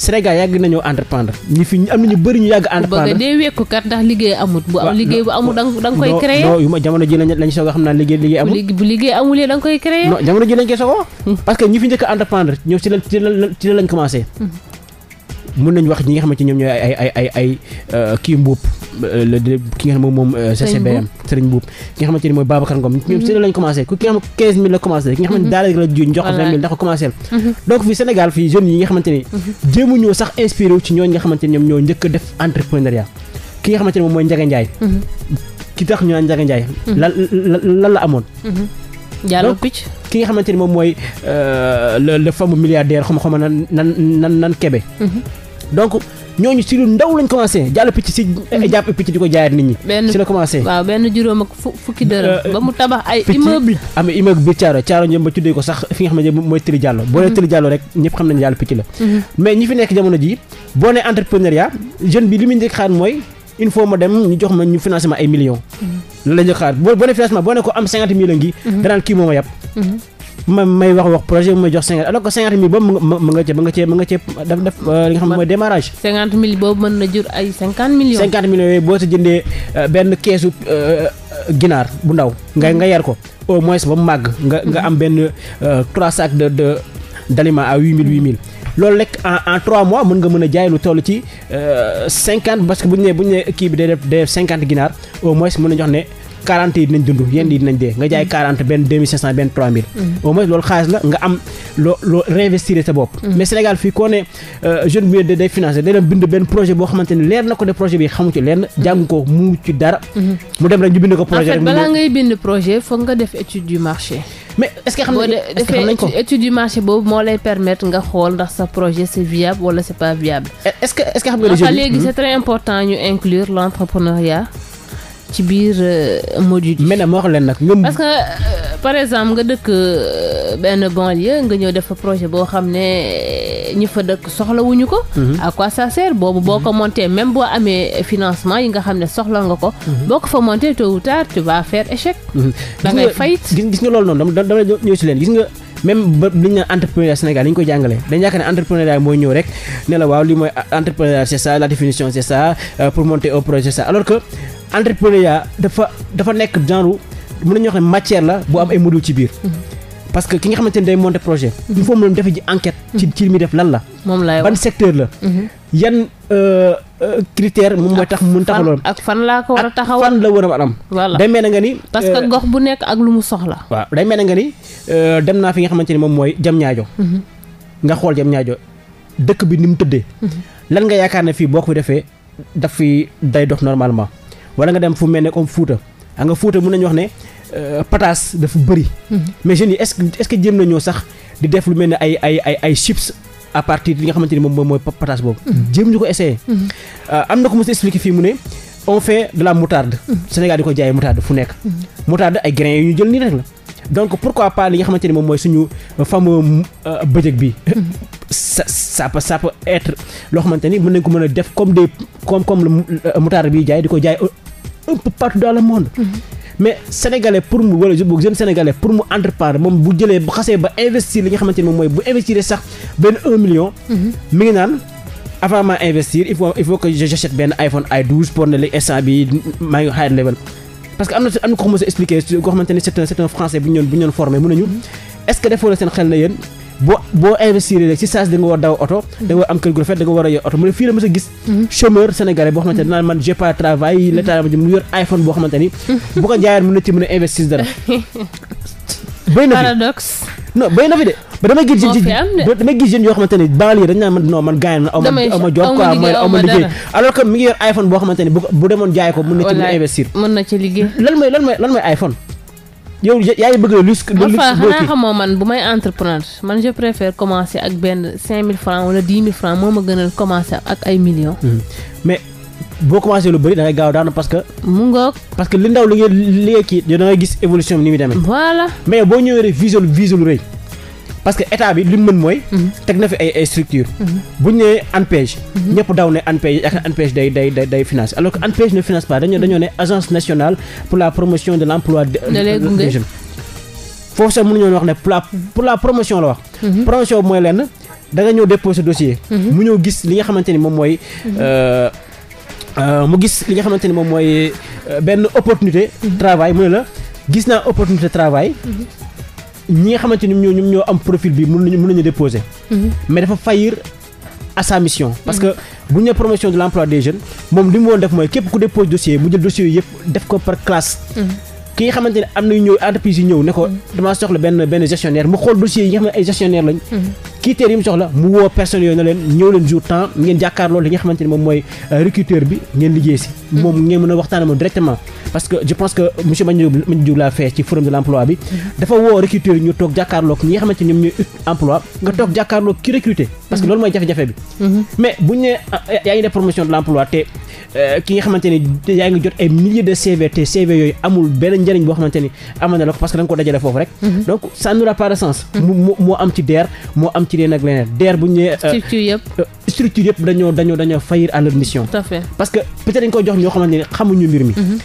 S2: Sénégal yàgg nañoo entreprendre ñi fi am na ñu bëri ñu yàgg entreprendre bëgg
S1: dee wekku ndax liggéey amut bu am liggéey bu amul da koy créer
S2: jamono ji lañ lañ a xam naa liggéey liggéey amul
S1: bu liggéey amulee da
S2: hmm. parce que ñi fi njëkk a entreprendre ñoom ci la ci la ci la lañ commencé mën hmm. nañ wax ñi nga xamante ñoom ñooy ay ay ay ay euh, kii mbuub Euh, le ki nga xam moom moom CCBM euh, Serigne Mboup ki nga xamante ni mooy Babacar Ngom ñoom mhm. si lañ ki nga xam la mhm. daal rek la ju jox da ko commencé mhm. donc fii Sénégal yi nga xamante ni jéemuñoo sax inspiré ci ñooñu nga xamante ñoom ñoo njëkk a def entrepreneuriat ki nga xamante ni moom mooy Ndiaga ki tax ñu naan Ndiaga Ndiaye la amoon Diallo Picc ki nga xamante ni moom mooy euh, le fameux milliardaire xam xama nan nan nan nan donc ñooñu si lu ndaw lañ commencé jàll picc si mm. jàpp picc di ko jaayaat nit ñi si la commencé waaw
S1: benn juróom ak fukki dërëm euh, ba mu tabax ay immeuble
S2: am immeuble biir Thiaro Thiaro ñoom ba tuddee ko sax fi xam ne mooy Tëli Jàllo boo nee mm-hmm. Tëli Jàllo rek ñëpp xam nañu jàll picc la mm-hmm. mais ñi fi nekk jamono ji boo nee entrepreneuriat jeune bi li muy njëkk xaar mooy il faut ma dem ñu jox ma ñu financement ay millions mm-hmm. loolu la njëkk xaar boo nee financement boo ne ko am cinquante mille a ngi danaan kii mooma yàpp ma may wax wax projet bu may jox cinquante alors que cinquante mille boobu ma nga cee nga cee ma nga cee def def euh, li nga xam ne mooy démarrage.
S1: cinquante mille boobu mën na jur ay
S2: cinquante millions. cinquante euh, euh, ginaar bu ndaw nga nga yar ko au moins ba mu màgg nga nga am benn trois sacs de de d'aliments à huit mille huit mille. loolu rek en en trois mois mën nga mën a jaay lu toll ci cinquante parce que bu ñu nee bu ñu nee kii bi day def day cinquante ginaar au mois mun na jox ne. 40 yi dinañ dund yenn yi dinañ dee nga jaay 40 benn 2500 benn 3000. Mm. au moins loolu xaalis la nga am loo loo sa bopp. Mm. mais Sénégal fii koo ne euh, jeune bu day financé day projet boo xamante ne leer na ko ne projet bi xamu ci leer na mm. jàng ko mm-hmm. ko projet rek. en fait balaa ngay
S1: bind projet foog nga def étude du marché. mais est-ce que xam nañ est-ce que xam nañ ko étude du marché boobu moo lay permettre nga xool ndax sa projet c'est viable wala c'est pas viable. E-, est-ce que est-ce que xam nga. léegi hmm? c'est très ci biir module yi. mën leen nag parce que euh, par exemple nga dëkk euh, benn banlieue nga ñëw def fa projet boo xam ne euh, ñi fa dëkk soxlawuñu ko. Mhm. à quoi ça sert boobu boo ko mhm. monté même boo amee financement yi nga xam ne soxla nga ko. Mhm. boo ko fa monté tôt ou tard tu vas faire échec.
S2: da fayit gis nga gis nga loolu noonu dama ñëw si leen gis nga. même ba li ñu naan entrepreneuriat Sénégal ni ñu ko jàngalee dañu yaakaar ne entrepreneuriat mooy ñëw rek ne la waaw lii mooy entrepreneuriat ça la définition c'est pour monter au projet c'est alors que entrepreneuriat dafa dafa nekk genre mën nañu wax ne matière la bu am ay module ci biir. Mhm. parce que ki nga xamante ni day monter projet. Mhm. il faut mu defe ji enquête. Mhm. ci ci li muy def lan la. moom lay wax ban secteur la. yan euh, euh, critère moom mooy tax mun taxawal. ak fan laa ko war a taxawal ak fan la war a am. voilà day mel na nga ni. parce que euh, gox bu
S1: nekk ak lu mu soxla.
S2: waaw day mel na nga ni dem naa fi nga xamante ni moom mooy jam ñaajo. nga xool jam ñaajo dëkk bi ni mu tëddee. lan nga yaakaar ne fii boo ko fi defee daf fi day dox normalement. wala nga dem fu mel ne comme Fouta a nga Fouta mën nañu wax ne euh, pataas dafa bëri. Mhm. mais jeunes yi est-ce que est-ce jéem nañoo sax di def lu mel ne ay ay ay ay chips. à partir li nga xamante ni moom moom mooy pataas boobu. Mhm. jéem ñu ko essayer. Mhm. Euh, am na ko mos a expliqué fii mu ne on fait de la moutarde. Sénégal di ko jaay moutarde fu nekk. moutarde ay grains yu ñu jël nii rek la. donc pourquoi pas li nga xamante ni moom mooy suñu fameux euh, bëjëg bi. sa <laughs> ça peut ça peut être loo xamante ni mën nañ ko mën a def comme des comme comme moutarde bi jaay di ko jaay un partout dans le monde. mais sénégalais pour mu wala jeune sénégalais pour mu entreprendre moom bu jëlee bu xasee ba investir li nga moom mooy bu investir sax benn un million. mi ngi naan avant investir il faut que j'achète benn iPhone ay 12 pour instant bi maa ngi high level. parce que am na am na ko mos a expliqué koo xamante ne français bu ñu doon mun nañu est que defoo la seen xel na yéen. boo boo investir rek ci saa si da war daw oto da nga war am kër gu rafet da war a yor oto mu ne fii la mës a gis chômeur sénégalais boo xamante naan man j'ai pas travail mhm. l'état boo xamante ni bu ko jaayaan mën na ci mën a investir dara <laughs> na na fi de ba damay xamante ne banlieue dañ naan man non man gaañ na aw ma aw ma job quoi mooy aw ma liggéey alors que ngi yor iPhone boo xamante bu demoon jaay ko mën na ci mën a investir mën na lan mooy lan mooy mooy iPhone yow yaa ngi bëgg a luxe de luxe xanaa
S1: xamoo man bu may entreprendre man je préfère commencer ak benn cinq mille francs wala dix mille francs moo ma gënal commencer ak ay millions.
S2: Hmm. mais boo commencé lu bëri da ngay gaaw daanu parce que. mu ngoog parce que li ndaw li ngay li ngay kii da ngay gis évolution bi ni muy demee. voilà boo ñëwee rek vision vision parce que état bi li mu mën mooy. Mhm. teg na fi ay ay structures. Mhm. bu ñu nee ANPEJ. Mhm. ñëpp daw ne ANPEJ yaakaar ANPEJ day day day finance alors que ANPEJ ne finance pas dañoo dañoo ne agence nationale pour la promotion de l' emploi des jeunes. foofu sax mënuñoo wax ne pour la pour la promotion la wax. promotion mooy lenn da nga ñëw déposer dossier. mu ñëw gis li nga xamante ni moom mooy. Euh, euh, mu gis li nga xamante ni moom mooy euh, benn opportunité. travail mu ne la gis naa opportunité travail. ñi nga xamante ni ñoo ñoo am profil bi mën nañu mën nañu déposer. Mhm. mais dafa faillir à sa parce mhm. que bu ñu promotion de l' emploi des jeunes moom li mu woon def mooy képp ku dépose dossier mu jël dossier yëpp def ko par classe. Mhm. ki nga xamante ne am nañu ñëw entreprise yi ñëw ne ko damaa soxla benn benn gestionnaire mu xool dossier yi nga xam ne ay gestionnaire lañ. critères yi mu soxla mu woo personnes yooyu na leen ñëw leen jour temps ngeen jàkkaarloo li nga xamante ne moom mooy euh, recruteur bi ngeen liggéey si moom mm-hmm. ngeen mën a waxtaan moom directement parce que je pense que monsieur Mbagnick Diop laa fee ci forum de l'emploi bi mm-hmm. dafa woo recruteur ñu toog jàkkaarloo ñi nga xamante ne ñoom ñooy ut emploi nga toog jàkkaarloo ki recruter parce que mm-hmm. loolu mooy jafe-jafe bi mais buñ ne ah, eh, yaa ngi def promotion de l'emploi euh, ci leen ak leneen DER bu ñu nee. Euh, euh, structure yëpp dañoo dañoo dañoo à leur mission. parce que peut-être dañ koy jox ñoo xamante ne xamuñu mbir mi. Mhm.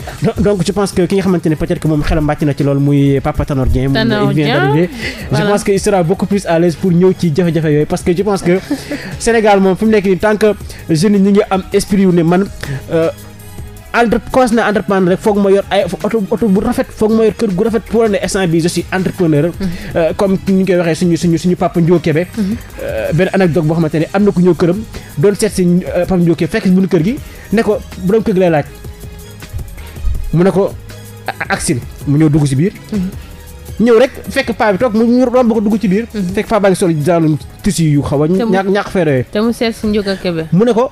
S2: donc je pense que ki nga xamante ne peut-être que moom xelam màcc na ci loolu muy Papa Tanor Dieng. Tanor Dieng voilà je pense que il beaucoup plus à l'aise pour ñëw ci jafe-jafe yooyu parce que je pense que <laughs> Sénégal moom fi mu nekk nii tant que jeunes ngi am esprit yu ne man. Euh, entre commencé na entreprendre rek foog ma yor ay oto oto bu rafet foog ma yor kër gu rafet pour ne instant bi je suis entrepreneur mhm. euh, comme ni ñu koy waxee suñu suñu suñu papa Ndio Kébé mhm. euh, benn anecdote boo xamante ne am na ku ñëw këram doon seet si euh, papa Ndio Kébé fekk kër gi ne ko borom kër gi lay mu ne ko aksil mu ñëw dugg si biir mhm. ñëw rek fekk paa bi toog mu ñu romb ko dugg ci biir fekk paa baa ngi sol jaalum tissu yu xaw a ñàkk ñàkk fee
S1: te mu seet si Ndio Kébé mu ne ko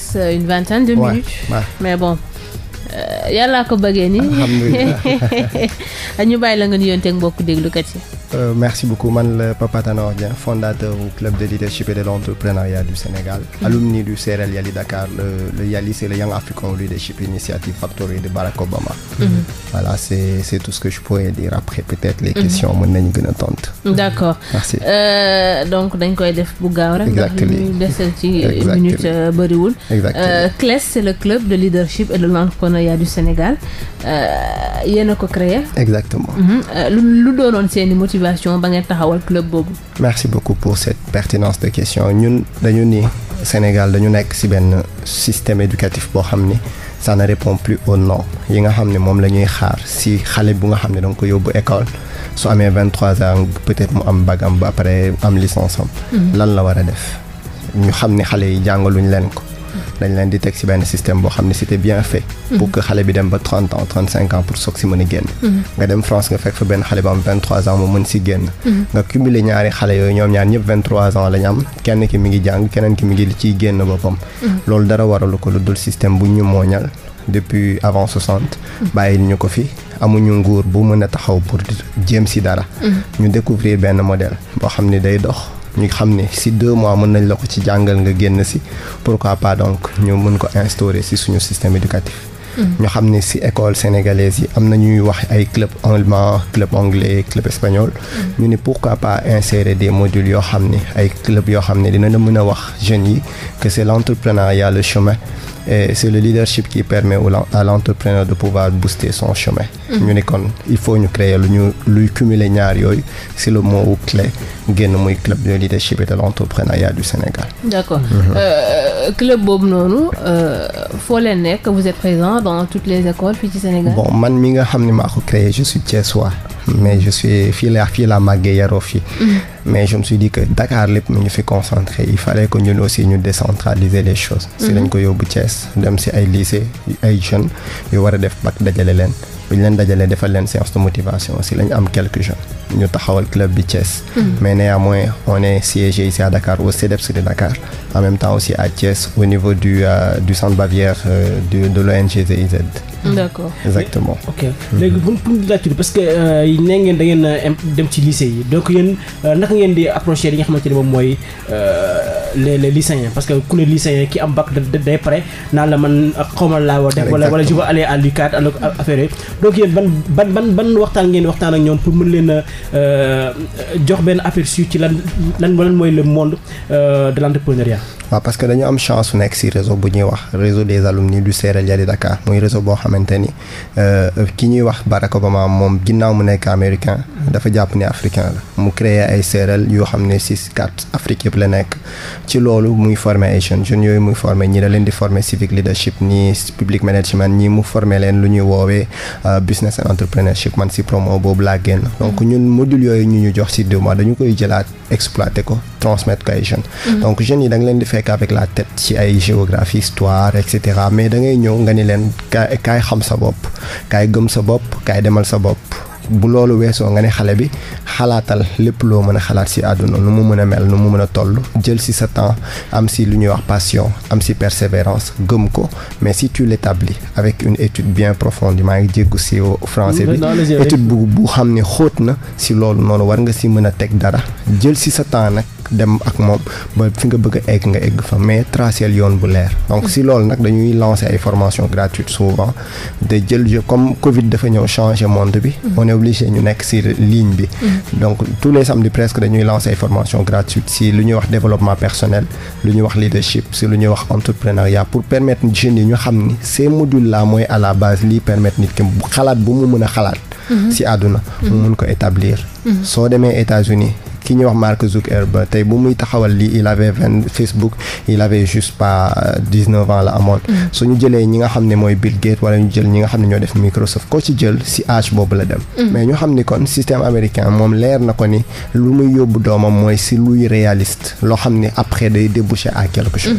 S1: reste euh, une vingtaine de minutes. Ouais, ouais. Mais bon, Euh, yàllaa ko bëggee nii. alhamdulilah. <laughs> ñu bàyyi la nga nuyonteeg mbokku déglukat yi.
S4: Euh, merci beaucoup man la Papa Tanor Dieng fondateur au club de leadership et de l'entrepreneuriat du Sénégal. Mm-hmm. alumni du CRL Yali Dakar le le Yali c'est le Young African Leadership Initiative Factory de Barack Obama. Mm-hmm. voilà c'est c'est tout ce que je pourrais dire après peut mm-hmm. mën nañu gën a tontu.
S1: Euh, donc dañ koy def bu gaaw rek. exactement ndax ñu desal ci minute bëriwul. exactement CLES c'est le club de leadership partenariat du Sénégal euh, yéen a ko créé. exactement mhm. euh, lu doonoon seeni motivation ba ngeen taxawal club boobu.
S4: merci beaucoup pour cette pertinence de question ñun dañu ni Sénégal dañu nekk ci benn système éducatif boo xam ni. ça ne répond plus aux normes yi nga xam ne moom la ñuy xaar si xale bu nga xam ne danga ko yóbbu école su amee vingt trois ans peut-être mu am bagam ba après am licence am. Mhm. lan la war a def. ñu xam ne xale yi jàngaluñ leen ko. dañ leen di teg si benn système boo xam ne c'était bien fait pour que xale bi dem ba trente ans trente cinq ans pour soog si mën a génn nga dem France nga fekk fa benn xale ba am vingt trois ans mu mën si génn nga cumuler ñaari xale yooyu ñoom ñaar ñëpp vingt trois ans lañ am kenn ki mi ngi jàng keneen ki mi ngi ciy génn boppam loolu dara waralu ko lu dul système bu ñu mooñal depuis avant soixante bàyyil ñu ko fi amuñu nguur bu mën a taxaw pour jéem si dara ñu découvrir benn modèle boo xam ne day dox ñu xam ne si deux mois mën nañ la ko ci jàngal nga génn si pourquoi pas donc ñu mën ko instaurer si suñu système éducatif mm-hmm. ñu xam ne si école sénégalaise yi am na ñuy wax ay club allemand club anglais club espagnol mm-hmm. ñu ne pourquoi pas insérer des modules yoo xam ni ay club yoo xam ne dina la mën a wax jeunes yi que c'est l'entrepreneuriat yàlla chemin et c'est le leadership qui permet à l'entrepreneur de pouvoir booster son chemin. Mhm. ñu ni kon il faut ñu créer lu ñu luy cumuler ñaar yooyu c'est le mot clé génn muy club de leadership et de l'entrepreneuriat du Sénégal.
S1: d'accord mhm. euh, club boobu noonu euh, foo leen nekk vous êtes présent dans toutes les écoles fii ci Sénégal. bon
S4: man mi nga xam ni ma ko créé je suis Thiessois. mais je fii la fii la màggee yaroo fii
S1: mm-hmm.
S4: mais je me di dit que Dakar lépp mu ñu fi concentré il fallait que ñun aussi ñu décentraliser les choses si lañ mm-hmm. ko yóbbu Thiès dem si ay lycée ay jeunes yu war a def bac dajale leen bu ñu leen dajalee defal leen séance de motivation si la ñu am quelques jeunes ñu taxawal bi hmm. mais néanmoins on est siégé ici à Dakar au CEDEPS de Dakar en même temps aussi à Thiès au niveau du euh, du centre Bavière euh, de de l'ONG GIZ. d'accord exactement. ok hmm.
S2: léegi parce que euh, nee ngeen da ngeen euh, dem ci lycée yi donc yéen euh, naka ngeen di approché li nga xamante ne moom mooy les les lycéens parce que ku ne lycéen ki am bac day pare naan la man xaw laa war def. wala wala je veux aller à affaire donc yéen ban ban ban ban waxtaan ngeen waxtaan ak ñoom pour mën leen a euh, jox benn aperçu ci lan lan lan mooy le monde euh, de l' entrepreneuriat.
S4: waaw parce que dañu am chance su nekk si réseau bu ñuy wax réseau des alumni du CERELIA de Dakar muy réseau boo xamante ni euh, ki ñuy wax Barack Obama moom ginnaaw mu nekk américain dafa jàpp ni africain la mu créé ay CEREL yoo xam ne si carte Afrique yëpp la nekk ci loolu muy formé ay jeunes jeunes yooyu muy formé ñi da leen di formé civic leadership nii public management ñi mu formé leen lu ñuy woowee Euh, business and entrepreneurship man si promo boobu laa génn. Mm-hmm. donc ñun module yooyu ñu ñu jox si deux mois dañu koy jëlaat exploiter ko transmettre ko ay jeunes. Mm-hmm. donc jeunes yi da nga leen di fekk avec la tête ci ay géographie histoire et cetera mais da ngay ñëw nga ni leen kaay kaay xam sa bopp kaay gëm sa bopp kaay demal sa bopp. bu loolu weesoo nga ne xale bi xalaatal lépp loo mën a xalaat si àdduna nu mu mën a mel nu mu mën a toll jël si sa temps am si lu ñuy wax passion am si persévérance gëm ko mais si tu l'établis avec une étude bien profonde maa ngi jéggu si français bi étude bu bu xam ni xóot na si loolu noonu war nga si mën a teg dara jël si sa temps nag dem ak moom ba fi nga bëgg a egg nga egg fa mais traceel yoon bu leer donc si loolu nag dañuy lancer ay formation gratuites souvent de jël comme Covid dafa ñëw changer monde bi mm-hmm. on est obligé ñu nekk si ligne bi mm-hmm. donc tous les samedis presque dañuy lancer ay formations gratuites si lu ñuy wax développement personnel lu ñuy wax leadership si lu ñuy wax entrepreneuriat pour permettre jeunes yi ñu xam ni ces modules là mooy à la base lii permettre nit ki xalaat bu mu mën a xalaat si mm-hmm. àdduna mu ko établir soo demee États-Unis ki ñuy wax Mark Zuckerberg tey bu muy taxawal lii il avait Facebook il avait juste pas euh, dix la amoon. Mm-hmm. su ñu jëlee ñi nga xam ne mooy Bill Gates wala ñu jël ñi nga xam ne ñoo def Microsoft ko ci jël si âge boobu la dem. Mm-hmm. mais ñu xam ni kon système américain moom leer na ko ni lu muy yóbbu doomam mooy si luy réaliste loo xam ne après day déboucher à quelque chose.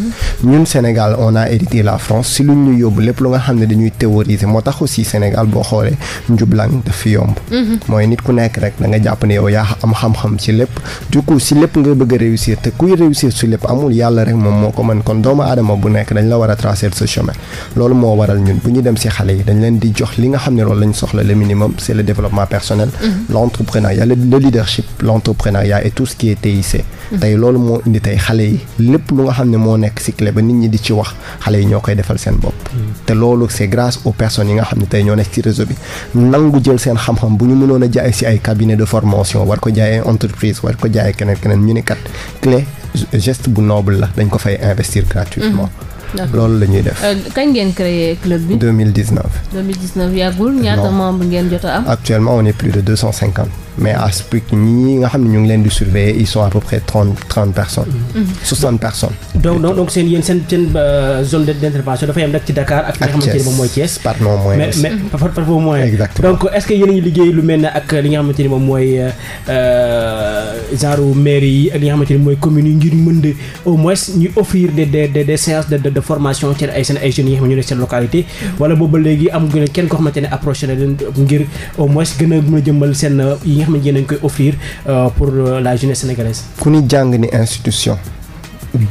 S4: Mm-hmm. ñun Sénégal on a hérité la France si lu ñu yóbbu lépp lu nga xam ne dañuy théoriser moo tax aussi Sénégal boo xoolee njublang daf fi yomb. mooy nit du coup si lépp nga bëgg réussir te kuy réussir si lépp amul yàlla rek moom moo ko mën kon doomu aadama bu nekk dañ la war a tracer ce loolu moo waral ñun bu ñu dem si xale yi dañ leen di jox li nga xam ne loolu lañ soxla le minimum c'est le développement personnel mhm. l'entrepreneuriat le leadership l'entrepreneuriat et tout ce qui est TIC tey loolu moo indi tey xale yi lépp lu nga xam ne moo nekk si clé ba nit ñi di ci wax xale yi ñoo koy defal seen bopp te loolu c'est grâce aux personnes yi nga xam ne tey ñoo nekk ci réseau bi nangu jël seen xam-xam bu ñu mënoon a jaay si ay cabinet de formation war ko jaayee entreprise war ko jaayee keneen keneen ñu ni kat clé geste bu noble la dañ ko fay investir gratuitement
S1: mmh.
S4: loolu la ñuy def. Euh,
S1: kañ ngeen créé club bi.
S4: 2019.
S1: 2019 yàggul ngeen a am.
S4: actuellement on est plus mais à Sputnik ñi nga xam ne ñu ngi leen di surveiller ils sont à peu près trente trente personnes. Mm-hmm. soixante personnes.
S2: donc seen seen euh, zone d' intervention dafa yem a ngi liggéey lu mel nga xamante ni moom mooy euh, euh, genre mairie yi ak li nga xamante ni mooy communes yi ngir mën de au moins ñu offrir des des des de de formation seen ay seen ay jeunes yi ne seen localité. wala boobu léegi am kenn koo xamante ne approché na ngir au moins gën a mën a jëmbal seen yi nga xam ne yéen a koy offrir euh, pour euh, la jeunesse sénégalaise.
S4: ku ni jàng ni institution.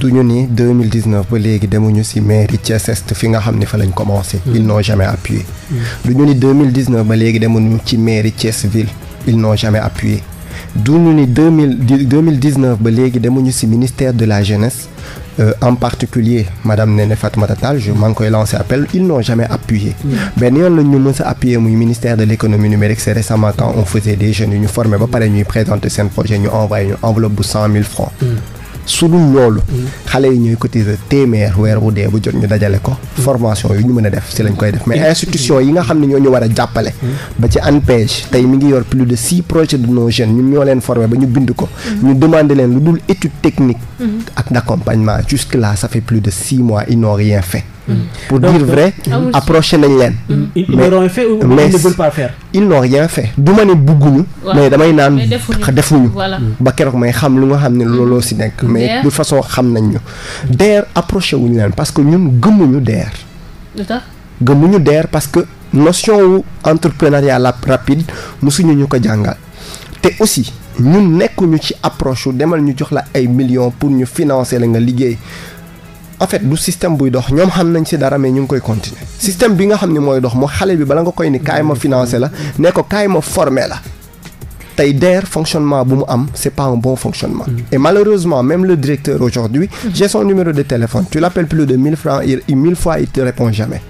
S4: duñu ni 2019 ba léegi demuñu ci mairie Thiès Est fi nga xam ni fa lañ commencé. Mm. ils n'ont jamais appuyé. Mm. ñu ni 2019 ba léegi demuñu ci mairie Thiès ville ils n'ont jamais appuyé. duñu ni deux mille dix 2019 ba léegi demuñu ci ministère de la jeunesse. euh, en particulier madame Néné Fatoumata Tall je maa ngi koy lancé appel ils n'ont jamais appuyé mm. benn yoon la ñu mës a appuyé muy ministère de l'économie numérique c'est récemment quand on faisait des jeunes yu ñu formé ba pare ñuy présenter seen projet ñu envoyé ñu enveloppe bu francs mm. su dul loolu. Mm. xale yi ñooy cotiser téeméer weer bu dee bu jot ñu dajale ko. Mm. formation yu ñu mën a def ci lañ koy def mais mm. institution yi nga xam ne ñoo ñu war a jàppale. ba ci ANPEJ tey mi ngi yor plus de six projets de nos jeunes ñu ñoo leen formé ba ñu bind ko. ñu demande leen lu dul étude technique. ak d' accompagnement jusque là ça plus de six mois ils n'ont rien pour Donc, dire vrai ah approché nañ leen mm. Mm. mais mais ils n'ont rien fait du ma ne bugguñu mais damay naan defuñu mm. ba keroog may xam lu nga xam ne looloo si nekk mais de façon xam nañ ñu DER approché wuñu leen parce que ñun gëmuñu DER gëmuñu DER parce que notion wu entrepreneuriat la rapide mosuñu ñu ko jàngal te aussi ñun nekkuñu ci approche wu demal ñu jox la ay millions pour ñu financer la nga liggéey en fait du système buy dox ñoom xam nañ si dara mais ñu ngi koy continuer système bi nga xam ne mooy dox moo xale bi bala nga koy ni kaay financé la ne ko kaay ma formé la tey DER fonctionnement bu mu am c'est pas un bon fonctionnement mm. et malheureusement même le directeur aujourd'hui j'ai son numéro de téléphone tu l'appelles plus de mille francs mille fois il répond jamais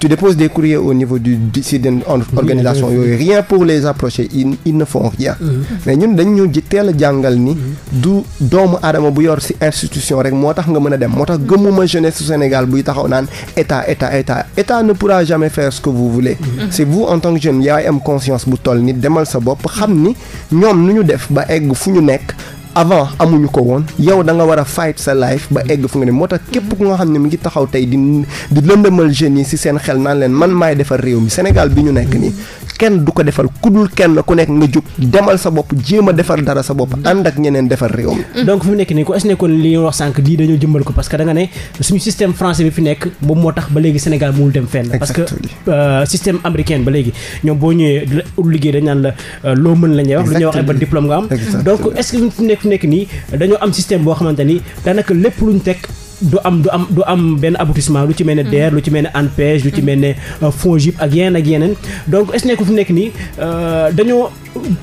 S4: tu déposes des courriers au niveau du dissident organisation yooyu rien pour les approcher ils, ils ne font rien mm-hmm. mais ñun dañu ñu teel a jàngal ni mm-hmm. du doomu aadama bu yor ci institution rek moo tax nga mën a dem moo tax gëmuma jeunesse su Sénégal buy taxaw naan état état état état ne pourra jamais faire ce que vous voulez mm-hmm. si vous en tant que jeune yaay am conscience bu toll ni demal sa bopp xam ni ñoom nu ñu def ba egg fu ñu nekk avant amuñu ko woon yow da nga war a fight sa life ba egg fu nga ne moo tax képp ku nga xam ne mu ngi taxaw tey di di lëndëmal jeunes yi si seen xel naan leen man may defar réew mi Sénégal bi ñu nekk nii kenn du ko defal ku dul kenn ku nekk nga jóg demal sa bopp jéem a defar dara sa bopp ànd ak ñeneen defar réew
S2: mm. donc fu nekk nii ko ne ce kon li wax sànq lii dañu jëmbal ko parce que da ne suñu système français bi fi nekk boobu moo tax ba léegi Sénégal mënul dem fenn. parce que euh, système américain ba léegi ñoom boo ñëwee liggéey dañ naan la euh, loo mën la ñuy wax. lu ñuy wax ba nga am donc fu nekk nii dañoo am système boo xamante ni daanaka lépp luñ teg du am du am du am benn aboutissement lu ci mel ne mm. DER lu ci mel ne ANPEJ lu ci mm. mel ne euh, FONGIP ak yeneen ak yeneen donc est-ce que fu nekk nii euh, dañoo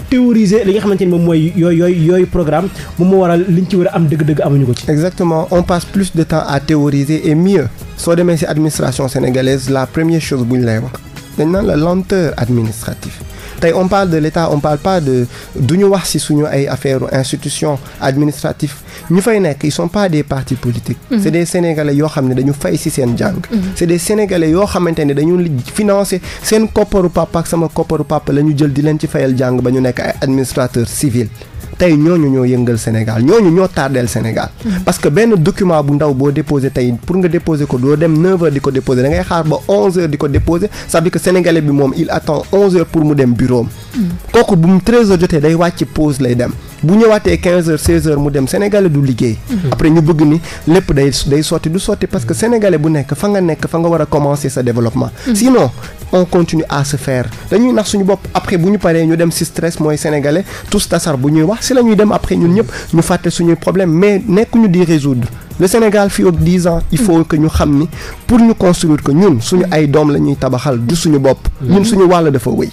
S2: théoriser li nga xamante ni moom mooy yooyu yooyu yooyu programme moom moo waral liñ ci war a am dëgg-dëgg amuñu ko ci.
S4: exactement on passe plus de temps à théoriser et mieux soo demee ci administration sénégalaise la première chose bu lay wax. dañ naan la lenteur administrative tey on parle de l'État on parle pas de du ñu wax ci suñu ay affaire institution administrative ñu fay nekk ils sont pas des partis politiques mhm. c'est des sénégalais yoo xam ne dañu fay ci seen jàng mhm. c'est des sénégalais yoo xamante ne dañu financer seen kopparu papa ak sama kopparu papa la ñu jël di leen ci fayal jàng ba ñu nekk ay administrateur civil tey ñooñu ñoo yëngal Sénégal ñooñu ñoo tardeel Sénégal mm-hmm. parce que benn document bu ndaw boo déposé tey pour nga déposé ko doo dem 9 heures di ko déposé da ngay xaar ba 11 heures di ko déposé cest à ko que bi moom il attend 11 heures pour mu dem bureau am mm-hmm. kooku bu mu 13 heures jotee day wàcc pose lay dem bu ñëwaatee 15 heures 16 heures mu dem sénégalais du liggéey. Mhm. après ñu bëgg ni lépp day day sotti du sotti parce que sénégalais bu nekk fa nga nekk fa nga war a commencer sa développement. Mhm. sinon on continue à se faire dañuy nax suñu bopp après bu ñu paree ñu dem si stress mooy sénégalais tous tasar bu ñuy wax si la dem après ñun ñëpp ñu fàtte suñuy problème mais ñu di résoudre. le Sénégal fii ak dix ans il faut que ñu xam ni pour ñu construire que ñun suñu ay doom
S2: la ñuy tabaxal suñu bopp. Mhm. ñun suñu wàll dafa wéy.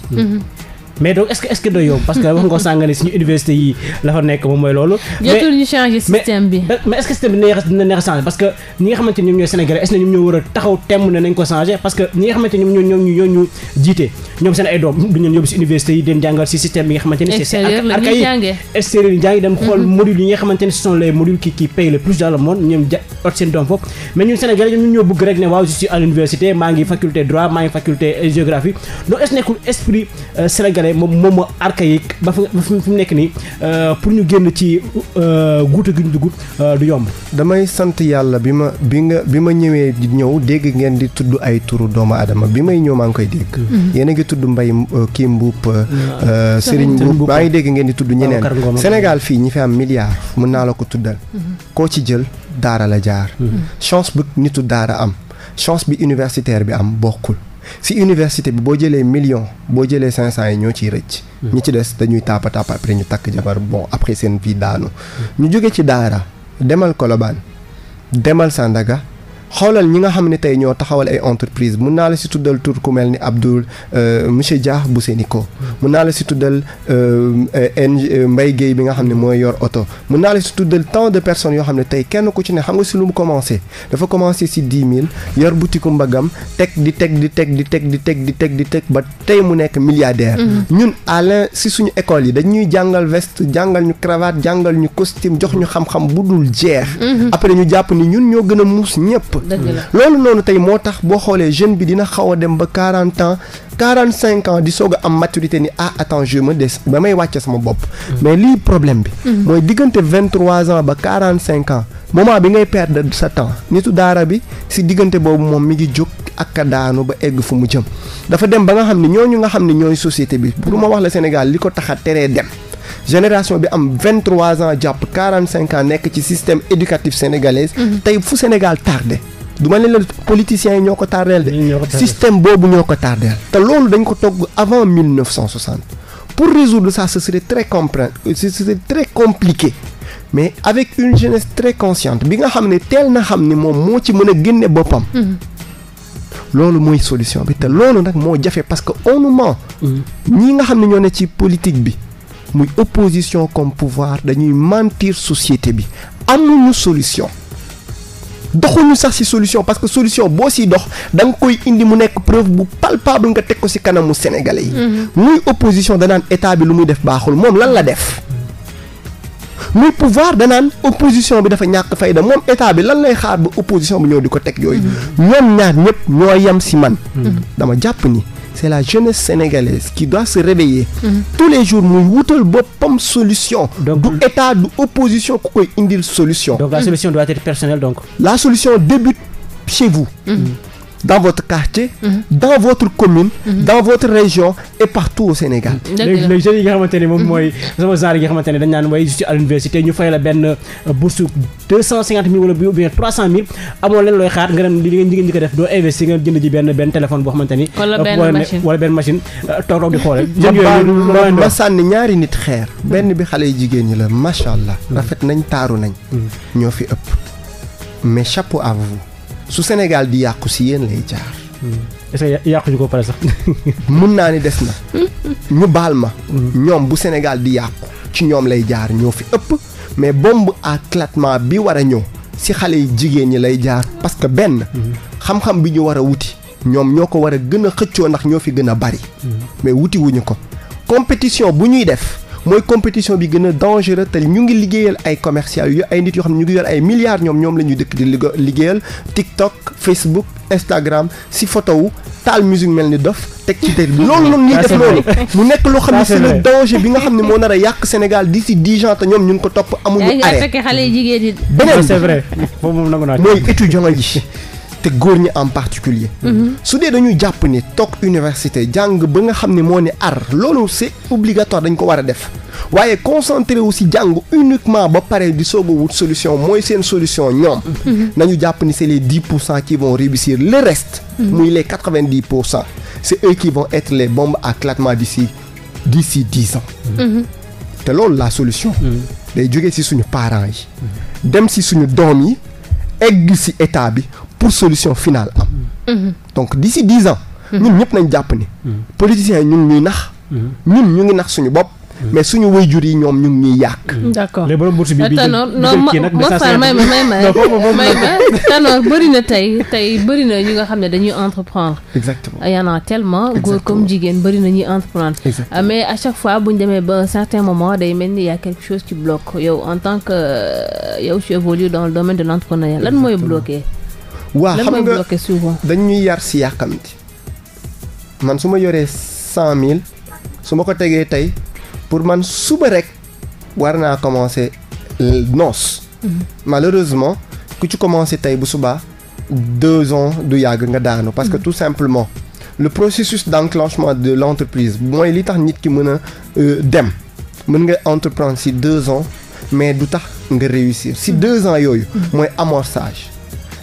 S2: mais donc est-ce que est-ce parce que wax nga ko sànq ne suñu université yi la fa nekk moom mooy loolu. mais nekkul esprit euh, Sénégal ne moom moom moo archaïque ba fi fi mu nekk nii euh, pour ñu génn ci euh, guuta gi ñu dugg euh, du yomb.
S4: damay sant yàlla bi ma bi nga bi ma ñëwee di ñëw dégg ngeen di tudd ay turu doomu adama bi may ñëw maa ngi koy dégg. Mm-hmm. Mm-hmm. yéen a ngi tudd mbay kii Mbuup. Mm-hmm. Serigne Mbuup maa ngi dégg ngeen di tudd ñeneen. Sénégal fii ñi fi am milliard mën naa la ko tuddal. koo ci jël daara la jaar. chance bu nitu daara am chance bi universitaire bi am bokkul. si université bi boo jëlee million boo jëlee cinq cent yi ñoo ciy rëcc. Hmm. ñi ci des dañuy tàppa tàppa après ñu takk jabar bon après seen vie daanu. Hmm. ñu jóge ci daara demal kolobaan demal Sandaga. xoolal ñi nga xam ne tey ñoo taxawal ay entreprise mun naa la si tuddal tur ku mel ni Abdoul euh, monsieur Dia bu Sénico mun naa la si tuddal euh, ng euh, Mbaye Guèye bi nga xam ne mooy yor oto mun naa la si tuddal tant de personnes yoo xam ne tey kenn ku ci ne xam nga si lu mu commencé dafa commencé si dix mille yor boutique mbagam teg di teg di teg di teg di teg di teg di teg ba tey mu nekk milliardaire mm-hmm. ñun àlin si suñu école yi dañuy jàngal veste jàngal ñu cravate jàngal ñu costume jox ñu xam-xam bu dul jeex mm-hmm. après ñu jàpp ni ñun ñoo gën a muus ñëpp Mm. loolu noonu tey moo tax boo xoolee jeune bi dina xaw a dem ba quarante ans quarante cinq ans di soog am maturité ni ah attends je me des ba may wàcce sama bopp. Mm. mais lii problème bi. Mm. mooy diggante vingt trois ans ba quarante cinq ans moment bi ngay perdre sa temps nitu daara bi si diggante boobu moom mi ngi jóg ak daanu ba egg fu mu jëm. dafa dem ba nga xam ne ñooñu nga xam ni ñooy société bi pour ma wax la Sénégal li ko tax a teree dem. génération bi am vingt trois jàpp quarante cinq nekk ci système éducatif sénégalais. Mm-hmm. tey fu Sénégal tardé. du ma ne leen politiciens yi ñoo ko tardeel de système boobu ñoo ko tardeel te loolu dañ ko togg avant 1960 pour résoudre ça ce serait très comprendre ce très compliqué mais avec une jeunesse très consciente bi nga xam ne teel na xam ni moom moo ci mën a génne boppam mm-hmm. loolu mooy solution bi te loolu nag moo jafe parce que on nous ment mm-hmm. ñii nga xam ne ñoo ne ci politique bi muy opposition comme pouvoir dañuy mantir société bi amuñu solution doxuñu sax ci solution parce que solution boo ciy dox da koy indi mu nekk preuve bu palpable nga teg ko ci kanamu sénégalais yi. Mhm. muy opposition danaan état bi lu muy def baaxul moom lan la def. muy pouvoir danaan opposition bi dafa ñàkk fayda moom état bi lan lay xaar ba opposition bi ñëw di ko teg yooyu. Mhm. ñoom ñaar ñëpp ñoo yem ci man. Mhm. dama jàpp ni. c'est la jeunesse sénégalaise qui doit se réveiller tous les jours muy wutal boppam solution du état du opposition ku koy solution donc la solution doit
S2: être personnelle donc
S4: la solution débute chez vous mm. dans votre quartier. Mhm. dans votre commune. Mhm. dans votre région et partout au Sénégal.
S2: nga xamante ne moom mhm. mooy sama genre ne dañ naan mooy juste à l'université ñu fay la benn euh, bourse deux cent cinquante mille wala bu bien trois cent mille amoo leen looy xaar nga a def doo investir nga jënd ji benn ñaari nit
S4: xeer. benn bi xale yu jigéen ñi la macha allah. rafet nañ taaru nañ. ñoo fi ëpp mais chapeau à su Sénégal di yàqu si yéen lay jaar. est ko pare <laughs> naa ni des na. <laughs> ñu baal ma. Mm. ñoom bu Sénégal di yàqu. ci ñoom lay jaar ñoo fi ëpp. mais bombe à éclatement bi war a ñëw. si xale yi jigéen ñi lay jaar parce que benn. Mm-hmm. xam-xam bi ñu war a wuti. ñoom ñoo ko war a gën a xëccoo ndax ñoo fi gën a bari. Mm-hmm. mais wutiwuñu ko. compétition bu ñuy def. mooy compétition bi gën a dangereux te ñu ngi liggéeyal ay commercial yu ay nit yoo xam ne ñu ngi yor ay milliards ñoom ñoom la ñuy dëkk di liggéeyal TikTok Facebook Instagram si photo wu taal musique mel ni dof teg ci tey loolu noonu ñuy def loolu mu nekk loo xam ne c'est le danger bi nga xam ne moo nar a yàq senegal di dix ans te ñoom ñu ngi ko topp amuñu arrêt beneen mooy étudiant yi te góor ñi en particulier mhm. su dee dañu jàpp ni toog université jàng ba nga xam ne moo ne ar loolu c'est obligatoire dañ ko war a def waaye concentré wu si jàng uniquement ba pare di soog wut solution mooy seen solution ñoom mhm. nañu jàpp ni c'est les dix pour cent qui vont réussir le reste mhm. muy les quatre vingt pour cent c'est eux qui vont être les bombes à éclatement d'ici d'ici dix ans te loolu la solution day jóge si suñu parents yi dem si suñu doom yi egg si état bi pour solution finale am. Mm-hmm. donc d'ici dix ans. Mm-hmm. ñun ñëpp nañ jàpp ni. Mm-hmm. politiciens yi ñun ñuy nax. ñun ñu ngi nax suñu bopp. mais suñu waajur yi ñoom ñu ngi ñuy yàq. d' accord mais borom bourse bi
S1: na tey tey bëri na ñi nga xam ne dañuy entreprendre. exactement y en a tellement. góor comme jigéen bëri na ñuy entreprendre. mais à chaque fois bu ñu demee ba un certain moment day mel ni y' quelque chose qui bloque yow en tant que euh, yow tu évolues dans le domaine de l' lan mooy bloqué. waa xam nga
S4: dañuy yar si yàkkamti man su ma yoree cent mille su ma ko tegee tey pour man suba rek war naa commencer noos mhm. malheureusement ku ci commencé tey bu subaa deux ans du yàgg nga daanu parce que mhm. tout simplement le processus d'enclenchement de l'entreprise mooy li tax nit ki mën a euh, dem mën nga entreprendre si deux ans mais du tax nga réussir si mhm. deux ans yooyu mooy amorsage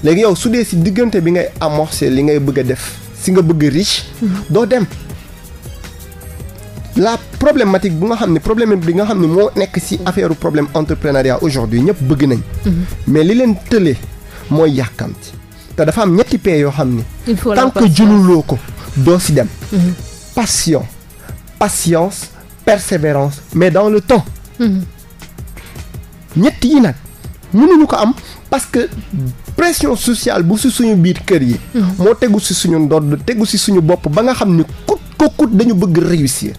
S4: léegi yow su dee si diggante bi ngay amorcé li ngay bëgg a def si nga bëgg riche. Mhm. doo dem la problématique bu nga xam ne problème bi nga xam ne moo nekk si affaire problème entrepreneuriat aujourd'hui ñëpp bëgg nañ. Mhm. mais li leen tëlee mooy yàkkante te dafa am ñetti pay yoo xam ni.
S1: tant que jëluloo
S4: ko doo si dem. Mhm. passion patience persévérance mais dans le temps. ñett yi nag mënuñu ko am parce que pression sociale bu si suñu biir kër yi. Mm-hmm. moo tegu si suñu ndodd tegu si suñu bopp ba nga xam ni kut ko kut dañu bëgg réussir.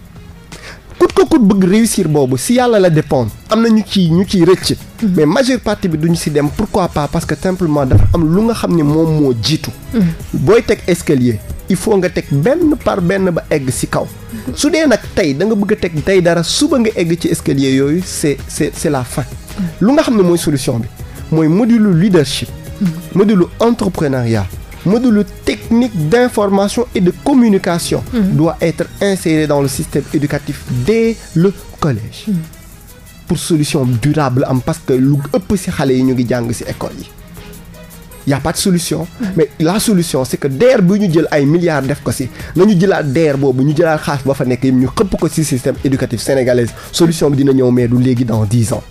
S4: kut ko kut bëgg réussir boobu si yàlla la dépend am na ñu ci ñu ciy rëcc. Mm-hmm. mais majeure partie bi duñu si dem pour pourquoi pas parce que simplement dafa am lu nga xam ne moom moo jiitu. Mm-hmm. booy teg escalier il faut nga teg benn par benn ba egg si kaw. su dee nag tey danga bëgg a teg tey dara suba nga egg ci escalier yooyu c'est c c'est la fin. lu nga xam ne mooy solution bi mooy modulu leadership. modulu entrepreneuriat modulu technique d'information et de communication mm. doit être inséré dans le système éducatif dès le collège mm. pour solution durable am parce que lu ëpp ci xale yi ñu ngi jàng ci école yi y a pas de solution mm. mais la solution c'est que DER bi ñu jël ay milliards def ko ci ñu jëlaat DER boobu ñu jëlaat xaalis ba fa nekk yi ñu xëpp ko ci système éducatif sénégalais solution bi dina ñëw mais du léegi dans dix ans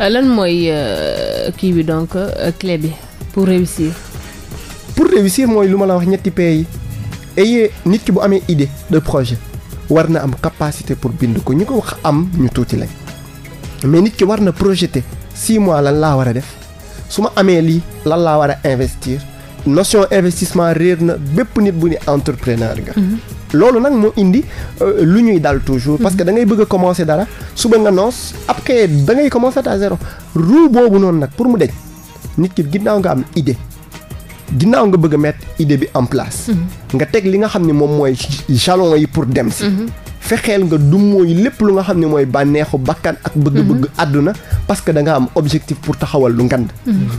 S1: Euh, lan mooy euh, kii bi donc euh, clé bi pour réussir. pour réussir mooy lu ma la wax ñetti pays yi.
S4: ayee nit ki bu amee idée de projet war na am capacité pour bind ko ñu ko wax am ñu tuuti lañ mais nit ki war na projeté six mois lan laa war a def su ma amee lii lan laa war a investir notion investissement réer na bépp nit bu ni entrepreneur nga. Mhm. loolu nag moo indi euh, lu ñuy dal toujours parce que mhm. da ngay bëgg a commencer dara suba nga noos après da ngay commencer à zéro roue boobu noonu nag pour mu deñ nit ki ginnaaw nga am idée ginnaaw nga bëgg a idée bi en place mhm. nga teg li nga xam ni moom mooy jalon yi pour dem si mhm. fexeel nga du mooy lépp lu nga xam ne mooy bànneexu bakkan ak bëgg-bëgg àdduna parce que da nga am objectif pour taxawal lu ngand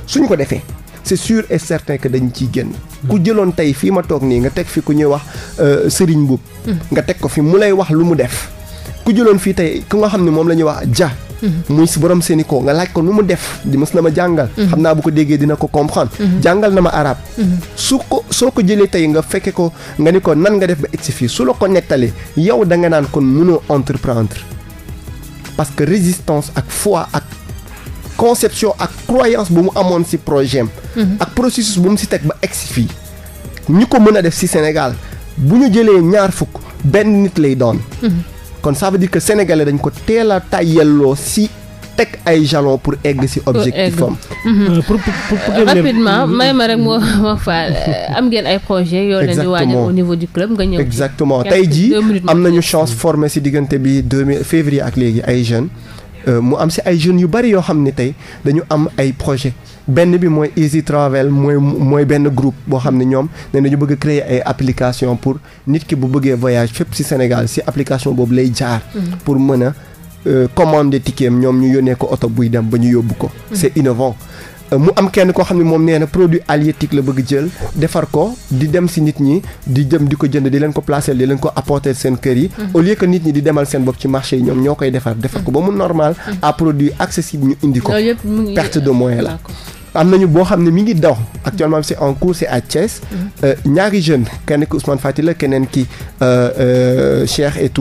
S4: suñu ko defee c'est sûr et certain que dañ ciy génn ku jëloon tey fii ma toog nii nga teg fi ku ñuy wax euh, Serigne Mboup hmm. nga teg ko fi mu lay wax lu mu def ku jëloon fii tey ku nga xam ne moom la ñuy wax ja hmm. muy si borom seeni ko nga laaj ko nu mu def di mës na ma jàngal hmm. xam naa bu ko déggee dina ko comprendre jàngal na ma arabe su ko soo ko jëlee tey nga fekke ko nga ni ko nan nga def ba egsi fii su la ko nettalee yow da nga naan kon mënoo entreprendre parce que résistance ak foi ak conception ak croyance bu mu amoon ci projet mhm. ak processus bu mu ci teg ba egsi fii ñu ko mën a def ci Sénégal bu ñu jëlee ñaar fukk benn nit lay doon mhm. kon ça veut dire que sénégalais dañ ko teel a tàyyelloo ci teg ay jalon pour egg ci objectif am
S3: mhm. euh,
S2: pour
S4: rapidement may
S1: ma rek moo wax fa euh, am ngeen ay projet yoo leen di waajal au niveau du club nga ñëw exactement tey
S4: jii am nañu chance formé ci diggante bi 2000 février ak léegi ay jeunes Euh, mu am si ay jeunes yu bari yoo xam ne tey dañu am ay projet benn bi mooy Easy Travel mooy mooy benn groupe boo xam ne ñoom ne nañu bëgg créer ay application pour nit ki bu bëggee voyage fépp si Sénégal si application boobu lay jaar mm-hmm. pour mën a euh, commande ticket am ñoom ñu yónnee ko oto buy dem ba ñu yóbbu ko mm-hmm. c'est innovant Euh, mu am kenn koo xam ne moom nee na produit halieutique la bëgg jël defar ko di dem si nit ñi di jëm di ko jënd di leen ko placer di leen ko apporter seen kër yi mhm. au lieu que nit ñi di demal seen bopp ci marché yi ñoom ñoo koy defar defar ko ba mu normal mhm. à produit accessible ñu indi ko perte de moyen la am nañu boo xam ne mi ngi daw actuellement c'est en cours c'est à Thiès mhm. euh, ñaari jeunes kenn ki Ousmane Fati la keneen ki euh, euh, Cheikh et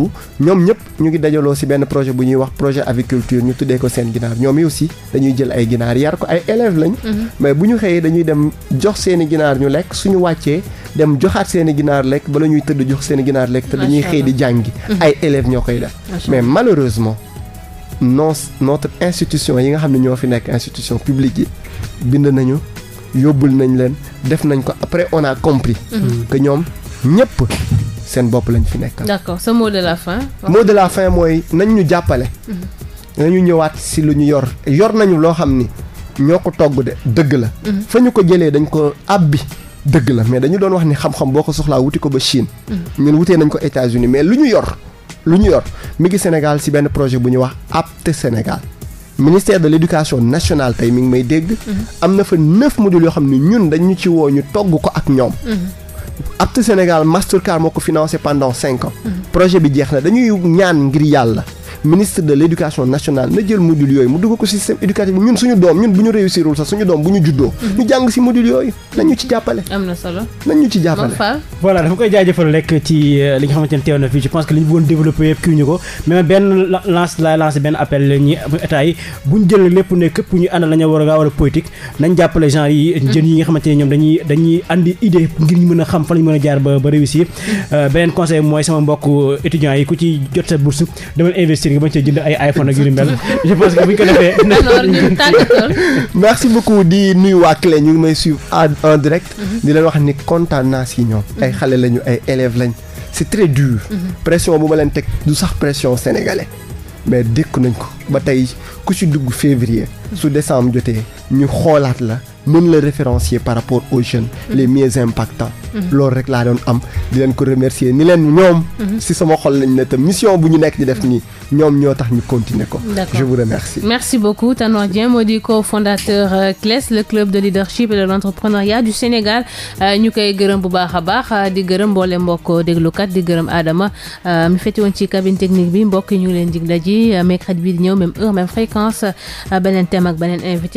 S4: ñoom ñëpp ñu ngi dajaloo ci benn projet bu ñuy wax projet aviculture ñu tuddee ko seen ginaar ñoom yi aussi dañuy jël ay ginaar yar ko ay élèves lañ mhm. mais bu ñu xëyee dañuy dem jox seeni ginaar ñu lekk suñu wàccee dem joxaat seeni ginaar lekk bala ñuy tëdd jox seeni ginaar lekk te dañuy xëy di jàngi mhm. ay élèves ñoo koy def mais malheureusement non notre institution yi nga xam ne ñoo fi nekk institution publique yi bind nañu yóbbul nañ leen def nañ ko après on a compris mm-hmm. Mm-hmm. que ñoom ñëpp seen bopp lañ fi nekkal.
S1: d'accord sa mot de la fin.
S4: mot de la fin mooy nañ ñu jàppale. Mm-hmm. nañu ñëwaat si lu ñu yor yor nañu loo xam ni ñoo ko togg de dëgg la. fa ñu ko jëlee dañ ko àbbi dëgg la mais dañu doon wax ni xam-xam boo ko soxlaa wuti ko ba Chine. ñun wutee nañ ko États-Unis mais lu ñu yor. lu ñuy ot mi ngi Sénégal ci benn projet bu ñuy wax Apte Sénégal ministère de l'éducation national tey mi ngi may dégg. Mm-hmm. am na fa neuf modules yoo xam ne ñun dañu ci woo ñu togg ko ak ñoom.
S3: Mm-hmm.
S4: Apte Sénégal Mastercard moo ko financé pendant cinq ans. Mm-hmm. projet bi jeex na dañuy ñaan ngir yàlla. ministre de l' éducation nationale na jël module yooyu mu dugg ko système éducatif bi ñun suñu doom ñun bu ñu réussirul sax suñu doom bu
S1: ñu
S2: juddoo. ñu jàng si module yooyu nañu ci jàppale. nañu ci koy jaajëfal rek ci euh, li nga xamante ne teew na fii je pense que li ñu bëggoon développé yëpp kii ñu ko mais benn lance laa lancé benn appel ñi état yi bu ñu jël lépp ne képp ñu ànd la war a war a politique nañ jàppale genre yi mm-hmm. jeunes yi nga xamante ñoom dañuy dañuy idée ngir ñu mën a xam fan lañu mën a jaar ba réussir mm-hmm. euh, beneen conseil mooy sama mbokk étudiants yi ku ci jot sa bourse demal investir léegi ba ci jënd ay iPhone ak yu ni mel je pense <laughs> <laughs> merci beaucoup di
S4: nuyu waa CLE ñu ngi may suivre en direct. Mhm. di leen wax ni kontaan naa si ñoom. Mhm. ay xale lañu ay élèves lañ. c'est très dur. Mhm. pression bu ma leen teg du sax pression sénégalais. mais dékku nañ ko ba tey ku ci dugg février. su décembre jotee ñu xoolaat la. mën la référencier par rapport aux jeunes mhm. les mieux impactants mhm. loolu rek laa doon am di leen ko remercier ni leen ñoom mhm. si sama xol lañ ne mission bu ñu nekk di def nii ñoom ñoo tax ñu continuer ko je vous remercie
S1: merci beaucoup Tanor Dieng moo di cofondateur euh, CLES le club de leadership et de l'entrepreneuriat du Sénégal euh, ñu koy gërëm bu baax a baax euh, di gërëm mboole mbokk déglukat di gërëm Adama mi fete ci cabine technique bi mbokk ñu ngi leen dig daji mercredi di ñëw même heure même fréquence beneen thème ak